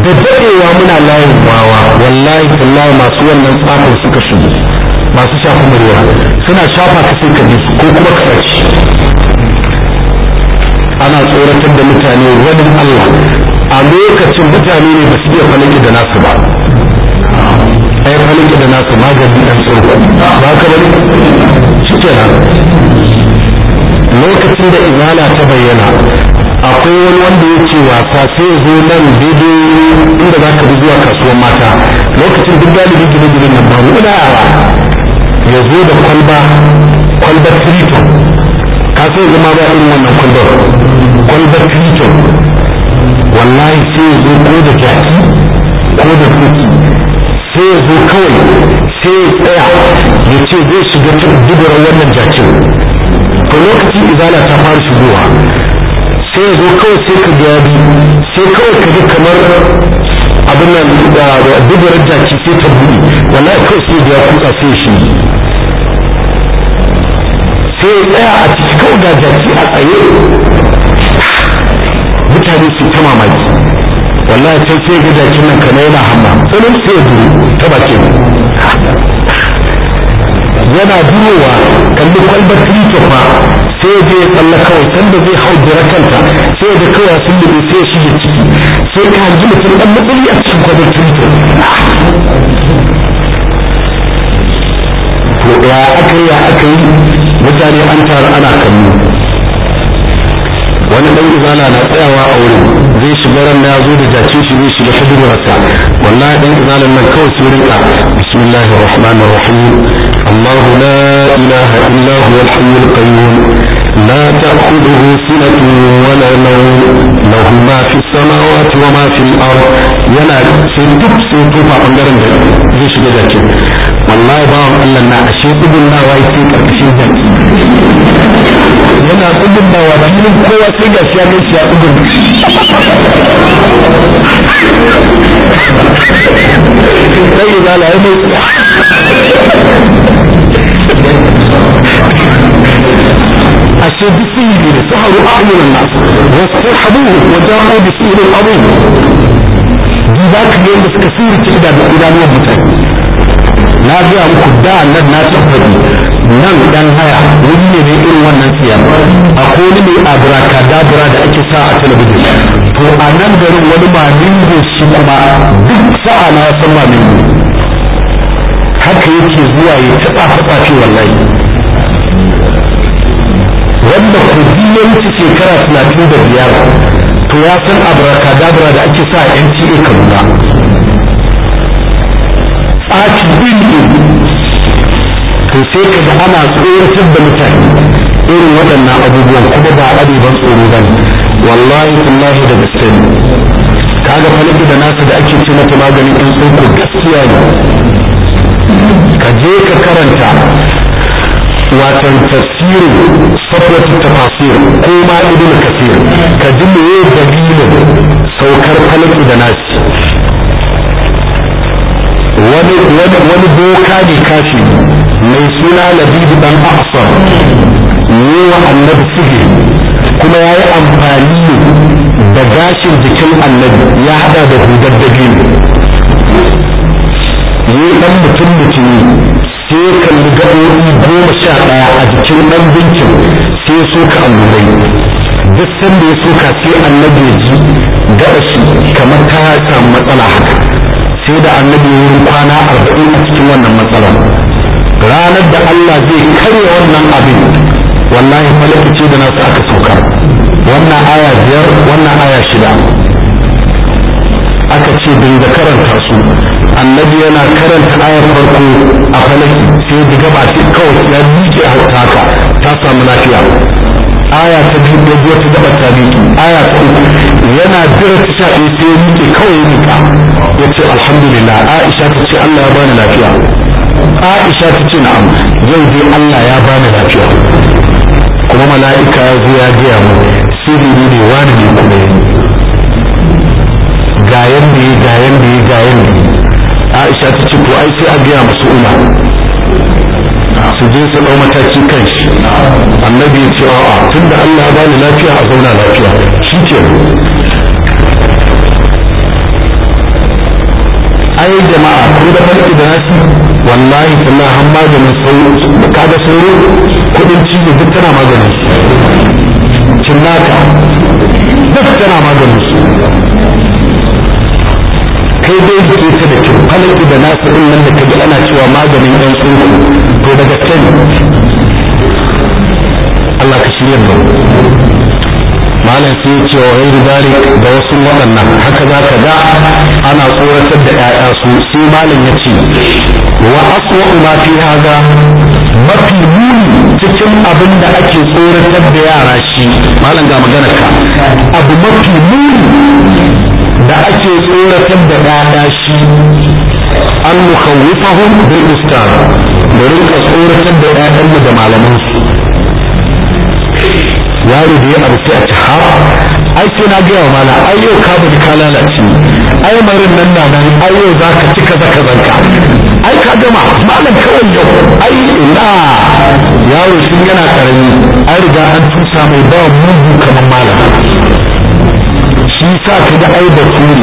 da daɗewa muna layin wawa wallahi tallahi masu wannan tsamin suka shigo masu shafa murya suna shafa su sai ka ko kuma ka ci ana tsoratar da mutane rabin Allah a lokacin mutane ne ba su iya falaki da nasu ba yi falaki da nasu magani dan tsoro ba ka bari na lokacin da izala ta bayyana akwai wani wanda ya ce wasa sai zo nan daidai inda za ka bi zuwa kasuwar mata lokacin duk galibi gine gine na ba mu ina ya zo da kwalba kwalbar triton ka so yanzu ba irin wannan kwalbar kwalbar triton wallahi sai ya zo ko da jaki ko da kuki sai ya zo kawai sai ya tsaya ya ce zai shiga dubarar wannan jakin to lokaci izala ta fara shigowa sai ya zo kawai sai ka gyabi sai kawai ka ji kamar abin nan da dubarar jaki sai ta buɗe wallahi kawai sai da ya kuka sai shi sai ya tsaya a ciki kawai da jaki a tsaye mutane su ta mamaki wallahi can sai ga jakin nan kamar yana hamma sanin sai ya duru ta bakin yana durowa kalli kwalbar tilikin ba sai je tsalla kawai can da zai hau jira kanta sai da kawai sun da sai shi da ciki sai ka hangi mutum dan matsali a cikin kwadar tuntun to ya aka yi ya aka yi mutane an taru ana kallo wani ɗan izala na tsayawa a wurin zai shiga ran na zo da jace shi zai shiga fadurarsa wallahi ɗan izalan nan kawai sai rinka bismillahir rahmanir rahim الله لا إله إلا هو الحي القيوم لا تأخذه سنة ولا نوم له ما في السماوات وما في الأرض yana sai duk sai tofa bangaren da zai shiga jakin wallahi bawan Allah na ashe tsibirnawa ya sai karkashin jaki yana tsibirnawa da hannun kowa sai ga shi ya kai shi ya tsibir sai ya zala ya mai أشد السيد سهروا أعين الناس واسترحبوه وجاءوا بسير عظيم ذاك اليوم بس كثير تقدر بإدان يبتك na gaya muku da nan na tabbari nan dan haya wuri ne ne irin wannan siyan akwai wani mai abrakadabra da ake sa a talabijin to a nan garin wani mamingo shi kuma duk sa'a na san mamingo haka yake zuwa ya taɓa taɓa ce wallahi wanda ya wuce shekara talatin da biyar to ya san abrakadabra da ake sa nta kaduna tsaci bilbil to sai ka ga ana tsoratar da mutane irin waɗannan abubuwan kuma ba areban tsoro ba ne wallahi kullahi da gaske ne kaga falaki da nasu da ake ce mata maganin in tsoko gaskiya ne ka je ka karanta watan tafsirin safwatu tafasir ko ma ibn kasir ka ji me dalilin saukar falaki da nasi wani wani boka ne kashi mai suna labibu dan ahsan ne wa annabi sihiri kuma ya yi amfani da gashin jikin annabi ya hada da hudar dabino ne dan mutum mutumi sai ya kalli gaɓoɓi goma sha ɗaya a jikin ɗan binkin sai ya soka allurai duk sanda ya soka sai annabi ya ji gaɓa shi kamar ta samu matsala haka sai da annabi ya wurin kwana arba'in a cikin wannan matsalar ranar da Allah zai karya wannan abin wallahi malaka ce da nasu aka sauka wannan aya biyar wannan aya shida aka ce da karanta su annabi yana karanta ayar farko a falaki sai da gaba ce kawai ya duke a haka ta samu lafiya aya ta biyu da zuwa ta daba ta biyu aya ta uku yana jira ta sha ɗaya sai ya duke kawai ya ya ce alhamdulillah aisha ta ce allah ya bani lafiya aisha ta ce na'am yau dai allah ya bani lafiya kuma mala'ika ya zo ya gaya mu sirri ne wani ne kuma ya ga yanda ya ga yanda ya ga yi aisha ta ce ai sai a gaya masu umma ah, su je su ɗau mataki kan shi annabi ya ce a'a tunda Allah ya bani lafiya a zauna lafiya shi ke ai jama'a ko da farki da nasi wallahi tana har maganin sauro kaga sauro kudin cizo duk tana maganin cinnaka duk tana maganin su kai dai ke da kyau halittu da nasirin nan da kaji ana cewa maganin ɗan sunku ko daga can Allah ka shirya da malam sun yi cewa wa rubari da wasu waɗannan haka za ka ga ana tsoratar da 'ya'ya su sai malam ya ce wa aswa ma fi haza mafi muni cikin abin da ake tsoratar da yara shi malam ga maganarka. abu mafi muni da ake tsoratar da ɗaɗa shi an mukawwifahum bil ustaz da rinka tsoratar da ɗaɗan da malaman su yaro da ya arfi a ci ha ai na gaya wa mala ai yau ka bari ka lalace ai marin nan na nan ai yau za ka ci kaza kaza ka ai ka gama malam kawai yau ai ina yaro sun yana karami an riga an tusa mai ba mugu kamar malam shi sa su da ai basiri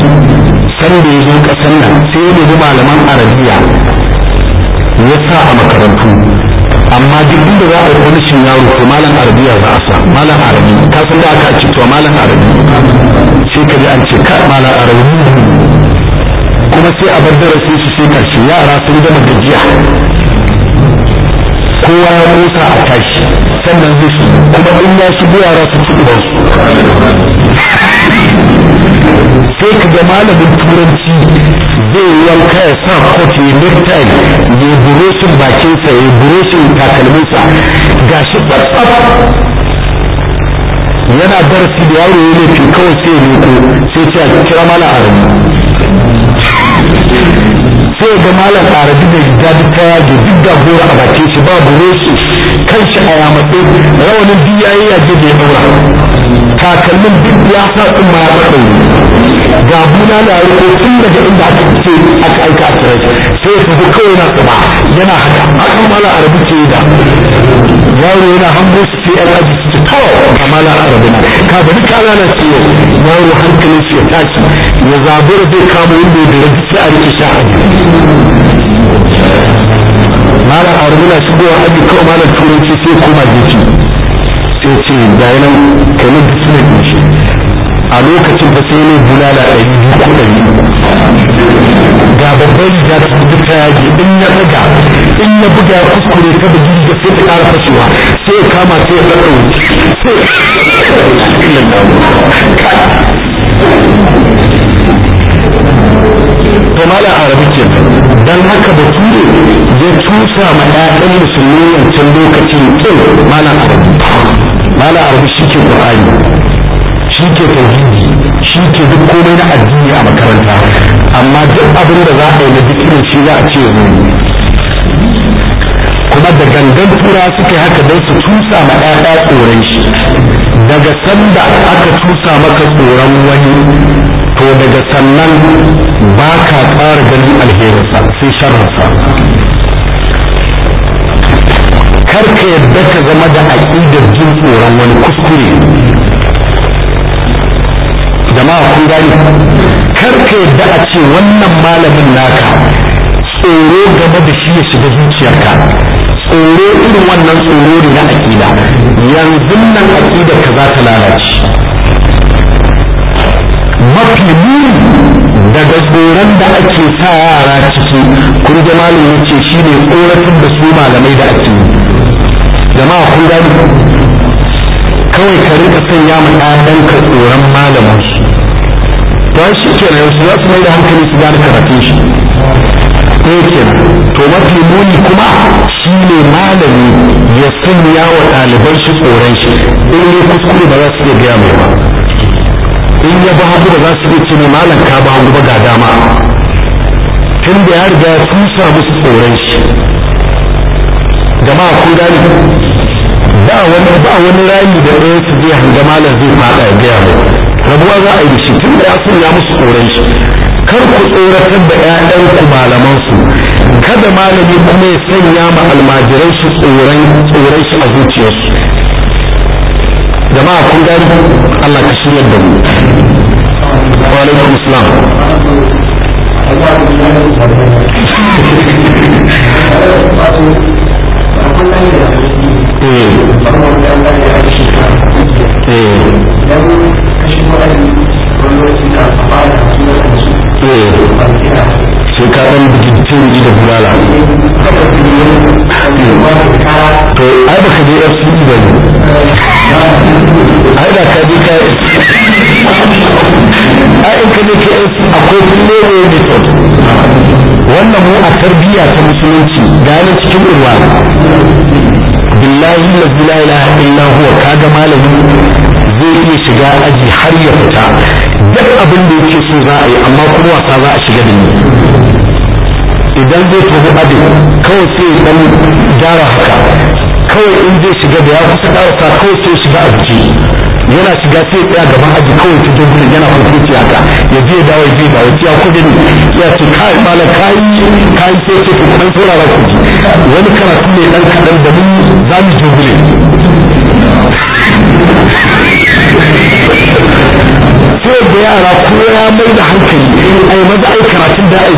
san da ya zo ƙasar nan sai ya nemi malaman arabiya ya sa a makarantu amma duk inda za a yi kwanishin yaro to malam arabiya za a sa malam arabi ka san da aka ce to malam arabi sai ka ji an ce ka malam arabi kuma sai a bar darasi su sai karshe yara sun gama gajiya kowa ya kusa a tashi sannan zai su kuma in ya shigo yara su ci ubansu sai ka ga malamin turanci zai wanka ya sa kofi necktie ya buroshin bakinsa ya buroshin takalminsa ga shi tsatsaf yana darasi da yaro ya laifi kawai sai ya sai ce a kira malam arabi sai ga malam arabi da ya duk ta duk da gora a bakin shi ba buroshi kanshi a yamatsu rawanin duk ya je da ya takalmin duk ya sa sun ma ya ga buna ya riko tun daga inda aka ce aka aika a tsirai sai su tafi kawai na tsuma yana haka haka mala arabi ce da yaro yana hango su sai yan aji su to ga mala arabi na ka bari ka lana ce yaro hankalin shi ya tashi ya zabura zai kama inda ya da sai a rike shi a malam aure muna shigowa aji kawai malam turanci sai koma gefe sai ce da yanan kai na bisne din a lokacin da sai ne bulala yi biyu ko ɗari ga babban riga ta duk ta yage in ya buga in ya buga ya kuskure ta da jirga sai ta ƙara fasowa sai ya kama sai ya ɗaɗɗauki sai ya ɗaɗɗauki [laughs] to mala arabi ke dan haka da ture ya tusa ma ɗaɗan musulmi wancan lokacin kin mala arabi mala arabi shi ke ƙwa'ani shi ke tauhidi shi ke duk komai na addini a makaranta amma duk abin da za a yi na dikirin shi za a ce kuma da gangan tura suke haka don su tusa ma ɗaɗa tsoron shi daga sanda aka tusa maka tsoron wani to daga sannan ba ka ƙara ganin alherinsa sai sharrinsa kar ka yadda ka zama da aƙidar jin tsoron wani kuskure jama'a kun gani kar ka yadda a ce wannan malamin naka tsoro game da shi ya shiga zuciyarka tsoro irin wannan tsoro ne na aƙida yanzu nan aƙidar ka za ta lalace mafi daga tsoron da ake sa yara ciki kun ji malam yace ne tsoratar da su malamai da ake yi jama'a kun gani kawai ka rika sanya ma ɗaɗanka tsoron malamin shi don shi na su za su mai da hankali su gane karatun shi ɗaya eh na to mafi muni kuma shi ne malami ya sanya wa ɗaliban shi tsoron shi in kuskure ba za su iya gaya mai ba in ya ba hagu za su iya ce ne malam ka ba hagu ba ga dama tun da ya riga ya sa musu tsoron shi jama'a kun gani ba wani ba wani rami da ɗaya su zai hanga malam zai faɗa ya gaya mu rabuwa za a yi shi tun da ya ya musu tsoron shi kar ku tsoratar da malaman su kada malami kuma ya sanya ma almajiran shi tsoron shi a zuciyarsu jama'a kun gani Allah ka shirya da mu wa alaikum assalam Eh. Eh. eh. sai ka dan bugi da bulala to ai baka je e ba ne ai da ka je ka e. ai in ka je ka e, akwai kulle ne method wannan mu a tarbiyya ta musulunci gane cikin urwa billahi la ilaha illa huwa kaga malamin zai iya shiga aji har ya fita duk abin da yake so za a yi amma kuma wasa za a shiga da ni idan zai tafi ado kawai sai ya dan gyara haka kawai in zai shiga da ya kusa ƙarasa kawai sai shiga a jiki yana shiga sai ya tsaya gaban aji kawai ta jirgin yana hukunci haka ya je dawo ya je dawo ya kudi ne ya ce kai malam kai kai sai ce ku dan saurara ku ji wani karatu ne dan kadan da mun za mu jirgin sai da yara kowa ya mai da hankali a yi maza ai karatun da a yi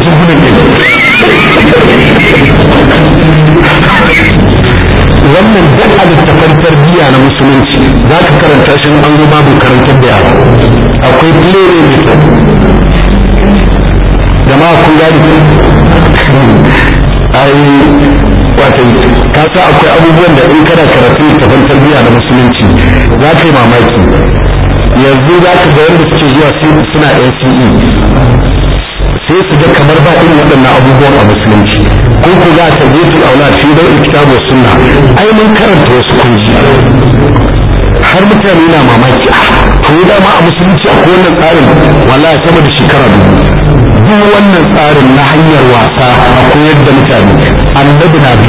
ne wannan dan a littafan tarbiyya na musulunci za ka karanta shi an zo babu karantar da yara akwai player mai jama'a kun gani ai kwatai ka sa akwai abubuwan da in kana karatu littafin tarbiyya na musulunci za ka yi mamaki yanzu za ka ga yadda suke zuwa suna NCE sai su ga kamar ba irin waɗannan abubuwan a musulunci ko ku za ta je tu aula fi da kitabu sunna ai mun karanta wasu kunji har mutane na mamaki ah, to dama a musulunci a wannan tsarin wallahi sama da shekara dubu duk wannan tsarin na hanyar wasa a koyar da mutane annabi na bi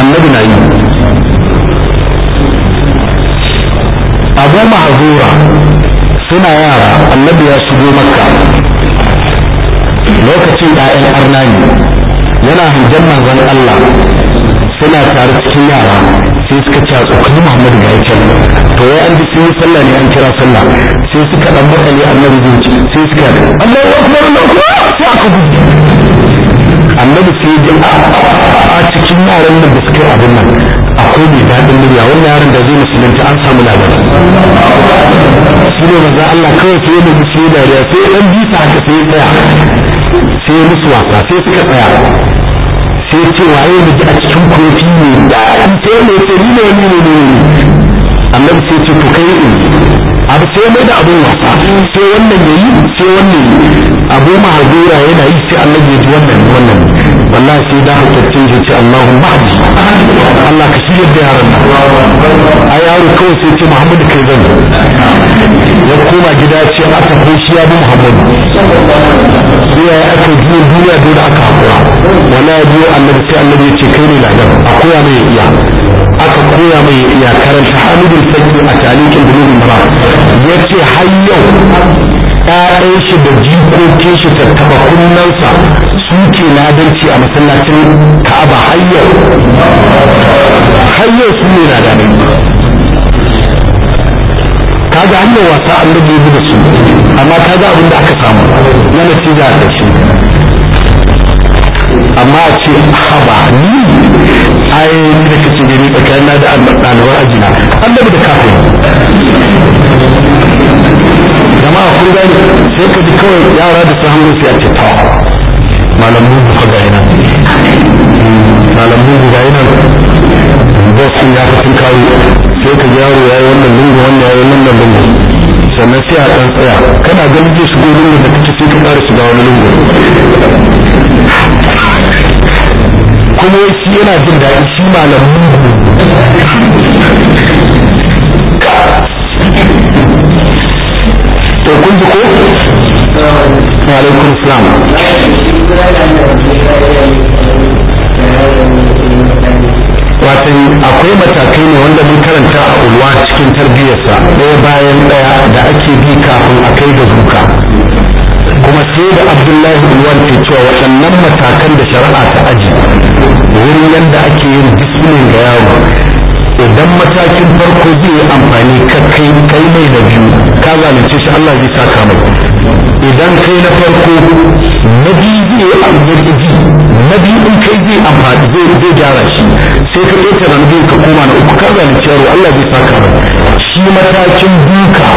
annabi na yi abu mahazura suna yara annabi ya shigo makka lokacin ɗayan arna ne yana hangen manzon allah suna tare cikin yara sai suka ce a tsokani muhammadu ga yake to wai an ji sun yi sallah ne an kira sallah sai suka dan makale annabi ci sai suka allah ya akbar allahu akbar sai aka gudu annabi sai ji a cikin yaran nan da suka yi abin nan akwai mai daɗin murya wannan yaran da zai musulunta an samu labari shi ne maza Allah kawai sai da musu dariya sai ɗan bisa haka sai ya tsaya sai musu wasa sai suka tsaya sai ce waye da ji a cikin kofi ne da an sai ne sai ne ne ne ne annabi sai ce to kai abu sai mai da abin wasa sai wannan yayi sai wannan abu mahazura yana yi sai Allah ya ji wannan wannan wallahi sai da hukuncin ya ce Allahu mahdi Allah ka shirya da yaran nan a yaro kawai sai ce Muhammadu kai zan ya koma gida ya ce aka ko shi ya bi Muhammadu sai ya aka ji duniya dole aka hakura wala ya biyo annabi sai annabi ya ce kai ne ladan a koya mai iya aka koya mai iya karanta hamidul fakir a talikin bulugul maram ya ce har yau ɗayan shi da jikokin shi tattaba kunnansa ke ladanci a masallacin ka'aba har hayyau su ne ladanci kaga hanyar wasa an rubuta da su amma kaga abin da aka samu na nasi da shi amma a ce haba ni ai da kace gani tsakanin da ɗaliban ajina annabi da kafin jama'a kun gani sai ka ji kawai yara da sun hango sai a ce ta malamu ku fa gani nan malamu ku gani nan boss ya fi sun kawo sai ka yaro yi wannan lungu wannan yi wannan lungu sannan sai a ɗan tsaya kana ganin zai shigo lungu da kace sai ka ƙara shiga wani lungu kuma shi yana jin daɗi shi malamin to kun ji akwai matakai ne wanda mun karanta a ulwa cikin tarbiyyarsa ɗaya bayan ɗaya da ake bi kafin a kai da zuka kuma sai da abdullahi ruwan ke cewa waɗannan matakan da shari'a ta aji wurin yadda ake yin disinin ga yaro idan matakin farko zai yi amfani ka kai kai mai da biyu ka zalunce shi Allah zai saka mai idan kai na farko na biyu zai yi amfani na biyu in kai zai amfani zai gyara shi sai ka ɗauka na biyu ka koma na uku ka zalunce yaro Allah zai saka mai shi matakin duka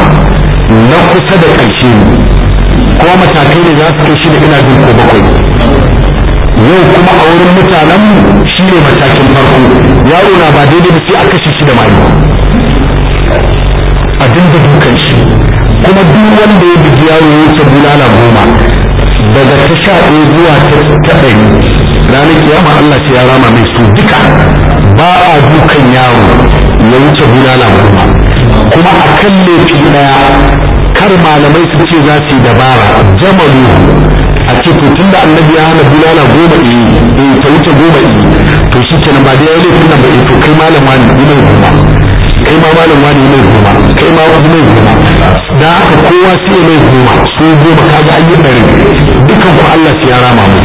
na kusa da ƙarshe ne ko matakai ne za su kai shida ina jin ko bakwai yau kuma a wurin mutanen shi ne matakin farko yaro na ba daidai ba sai a kashe shi da mali a dinga dukan shi kuma duk wanda ya bugi yaro ya wuce bulala goma daga ta sha ɗaya zuwa ta ɗari ranar kiyama Allah ce ya rama mai su duka ba a dukan yaro ya wuce bulala goma kuma a kan laifi ɗaya har malamai su ce za su yi dabara jamalu a ce to tunda annabi ya hana bulala goma ɗi e, eh ta wuce goma ɗi e, to shi kenan ba da ya laifin nan ba e, to kai malam wani yi mai goma kai ma malam wani yi mai goma kai ma wani mai goma da aka kowa sai mai goma so goma kaga an yi ɗari dukan ku Allah ya rama mu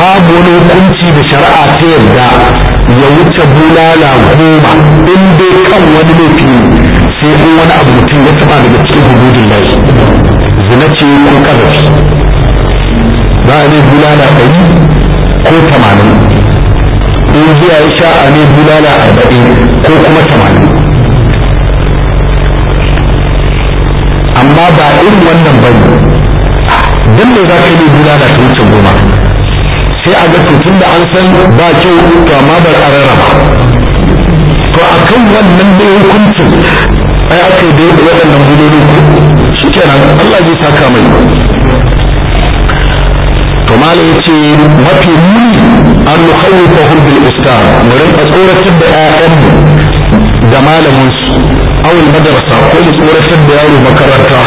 babu wani hukunci da shari'a ta yarda ya wuce bulala goma in dai kan wani laifi sai in wani abu mutum ya taba daga cikin hududin layi zina ce ko kazafi za a ne bulala ɗari ko tamanin in zuwa ya sha a ne bulala arba'in ko kuma tamanin amma ba irin wannan ba ne don me za ka yi bulala ta wuce goma sai a ga tutun da an san ba kyau to amma ba a rarraba to a kan wannan ne hukuncin ai aka yi da waɗannan gudodin shi kenan Allah zai saka mai to malam yace mafi muni an nukhawwifa hum bil ustaz mu rinka tsoratar da ƴaƴan da malamin su awul madrasa ko mu tsoratar da yaro makaranta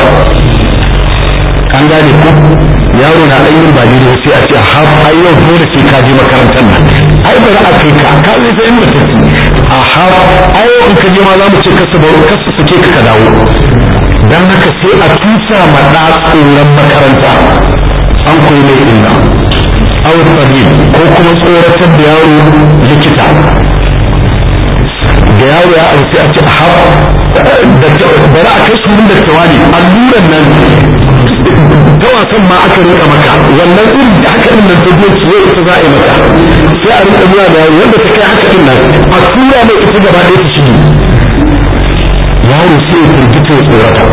an gane ko yaro na ɗan yin bani da sai a ce ha ai yau dole sai ka je makarantar nan ai bari a kai ka ka zai sai mutum a ai in ka je ma za mu ce kasa baro kasa ce ka dawo dan haka sai a tusa ma da tsoron makaranta an koyi mai illa aw tabib ko kuma tsoratar da yaro likita da yaro ya aiki a ce ahab da bari a kai su mun da lura alluran nan dawakan ma aka rika maka wannan irin da aka din nan tafiya ciye ita za a yi maka sai a rika zuwa da yaro wanda ta kai haka din nan a tura mai ita gaba ɗaya ta ya yaro sai ya ta ya tsorata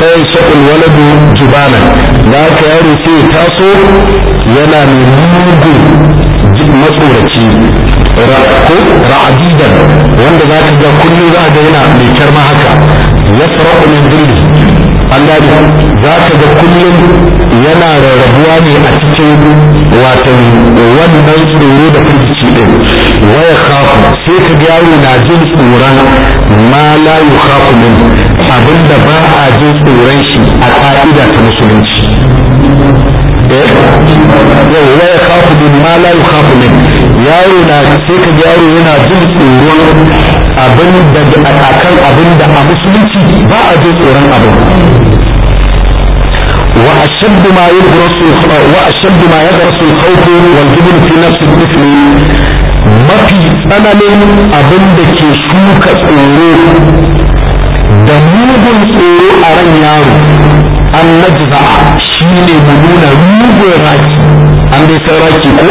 فينشأ الولد جبانا sai يارو سي yana mai mugu matsoraci ko ra'adidan wanda za ka ga kullum za ga yana mai ma haka yafra'u min dhilli an za ka ga kullum yana rarrabuwa ne a cikin watan wannan tsoro da firgici din waya khafu sai ka ga yaro na jin tsoron ma la yukhafu min abinda ba a jin tsoron shi a ka'ida ta musulunci yau la ya kafu bin mala la ya ne min yaro na sai ka yaro yana jin tsoron abin da akan abin da a musulunci ba a jin tsoron abin وأشد ما يدرس وأشد ما يدرس الخوف والجبن في نفس الطفل mafi tsananin abin da ke shuka tsoro da mugun tsoro a ran yaro an najza shi ne mu nuna mugun raki an dai san raki ko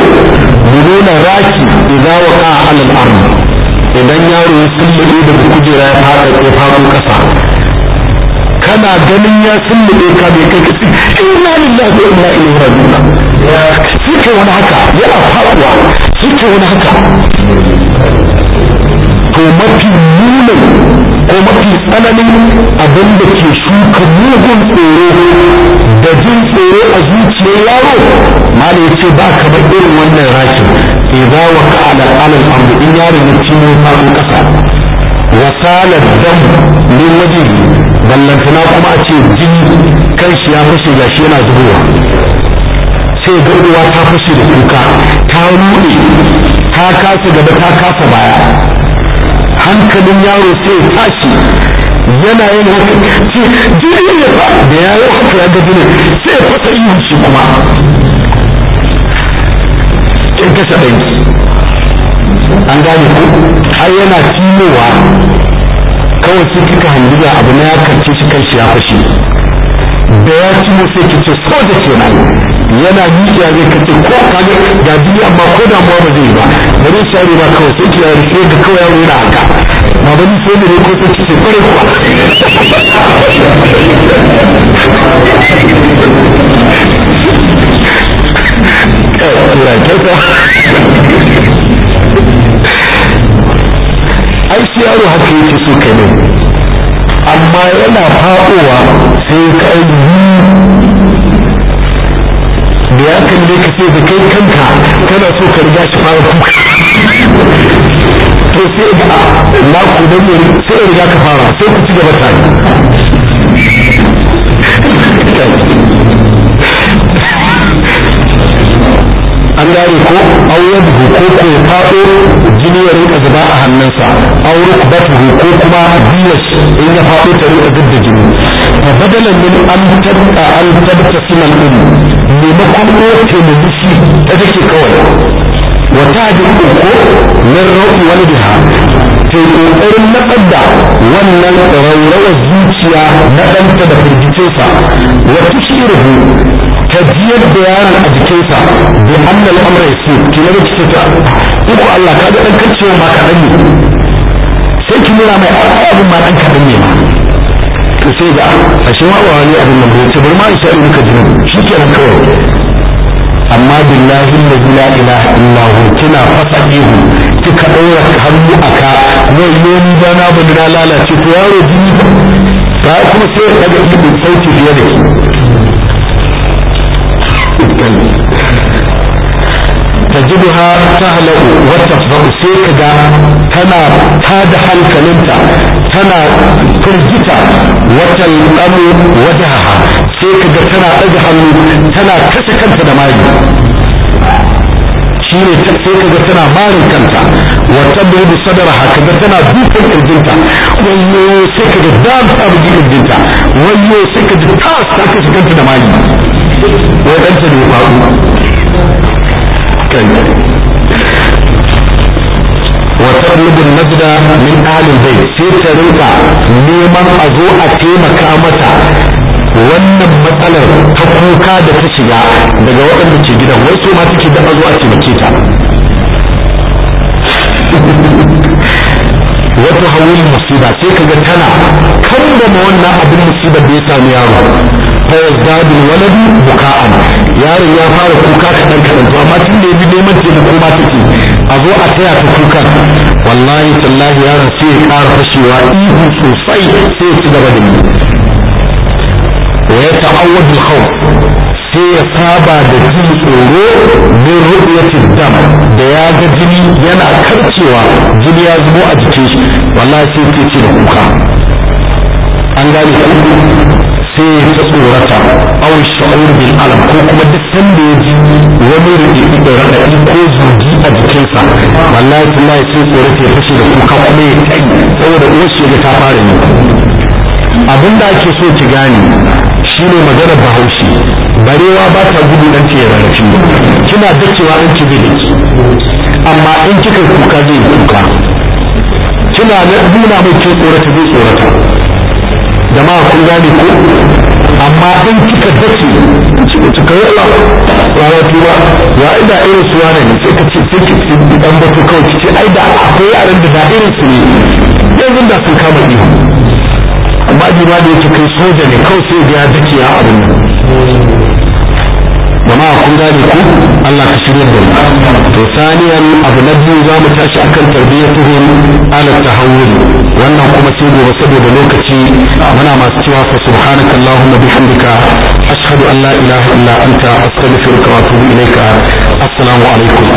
mu nuna raki idza waqa ala al-ard idan yaro ya sulluɗe daga kujera ya fada ko fado kasa kana ganin ya sulluɗe ka bai kai kaci inna lillahi wa inna ilaihi raji'un suke wani haka yana faɗuwa suke wani haka to mafi munin ko mafi tsananin abin da ke shuka mugun tsoro da jin tsoro a zuciyar yaro mala ya ce ba kamar irin wannan rashin za wa ka alal amru in yaron ya ci mun faɗo ƙasa wasalar dam ne waje kuma a ce jini kan shi ya fashe gashi yana zubowa sai ga ta fashe da kuka ta ruɗe ta kasa gaba ta kasa baya hankalin yaro sai tashi yana yin haka ce jini ne ba da ya yi haka ya gaji ne sai fata yin shi kuma in kashe ɗanki an gane ku har yana tinowa kawai sai kika da abu na ya karce shi kan shi ya fashe da ya ci sai ki ce soja kenan yana miƙiya zai kace ko kage ga jini amma ko da mu ba zai ba bari share ba kawai sai ki yare sai ga kawai yaro yana haka ba ba ni sai ne ko sai ki ce fare kuwa ai shi yaro haka yake so kai ne amma yana faɗowa sai kai da ya kan ka sai da kai kanka kana so ka riga shi fara kuka to sai da na ku da ne sai riga ka fara sai ku ci gaba tare an gane ko auyar ko ko faɗo jini ya rinka zuba a hannunsa aure batuhu ko kuma biyas in ya faɗo ta rinka zub da jini fa badalan min an tabta an tabta sinan ɗin maimakon ko taimakishi ta dake kawai wata hajjin ko min rauki wani biha ke ƙoƙarin natsar wannan raurawar zuciya na ɗanta da firgicinsa wata shi ruhu ka jiyar da yaron a jikinsa bi annal amra yasir ki ne ki ta uku Allah ka ga dan kace ma ka dan ne sai ki nuna mai abin ma dan ka dan ne ma to sai da a shi ma wani abin nan bai ce bari ma insha Allah ka jini shikenan kawai amma billahi la ilaha illa hu kina fasa kika daura hannu aka na bani na lalace yaro jini ba kuma sai da kalbi ta tahlaku wata tafzahu sai kaga tana tada hankalinta tana firgita wata lamu wajaha sai kaga tana ɗaga hannu tana kashe kanta da mari shine sai kaga tana marin kanta wa tabdu sadaraha kaga tana dukan kirjinta wayo sai kaga dam ta bugi kirjinta wayo sai kaga tas ta kashi kanta da mali wai danta da ya faru وتطلب النجد من آل البيت سيت ريكا نيمان أزو أتيما كامتا wannan matsalar ta kuka da ta shiga daga waɗanda ke gidan wai su ma suke da zuwa ce da ta wata hawul musiba sai kaga tana ma wannan abin musibar da ya sami yaro fa yazdadu waladu buka'an yaron ya fara kuka kaɗan kaɗan to amma tun da ya bi neman taimako ma take a zo a taya ta kuka wallahi tallahi yaron sai ya ƙara fashewa ihu sosai sai ya ci gaba da ni wa ya sai ya saba da jin tsoro min ru'yati dam da ya ga jini yana karcewa jini ya zubo a jikin shi wallahi sai ke ce da kuka an gane ku sai ta tsorata awon sha'ur bil alam ko kuma duk sanda ya ji wani rubutu da raɗaɗi ko zugi a jikinsa wallahi tallahi sai tsorata ya fashe da kuka kuma ya kai saboda uwar shi ta fara ne abinda da ake so ki gane shine magana maganar bahaushe barewa ba ta gudu dan ce ya rarrafi kina dacewa an ci zai amma in kika kuka zai kuka kina nuna mai ke tsorata zai tsorata da ma kun gane ko amma in kika dace ci ci kai Allah rana tuba ya ida irin su wane ne sai ka ce sai ki ci dan batu kawai ki ce ai da akwai yaran da da irin su ne yanzu da sun kama ihu amma jima da yake kai soja ne kawai sai ya dake ya abin nan jama'a kun gane ku Allah ka shirya da mu to saniyan abu na biyu za mu tashi akan tarbiyyatuhum ala tahawul wannan kuma sai gobe saboda lokaci muna masu cewa fa subhanaka allahumma bihamdika ashhadu an la ilaha illa anta astaghfiruka wa atubu ilaika assalamu alaikum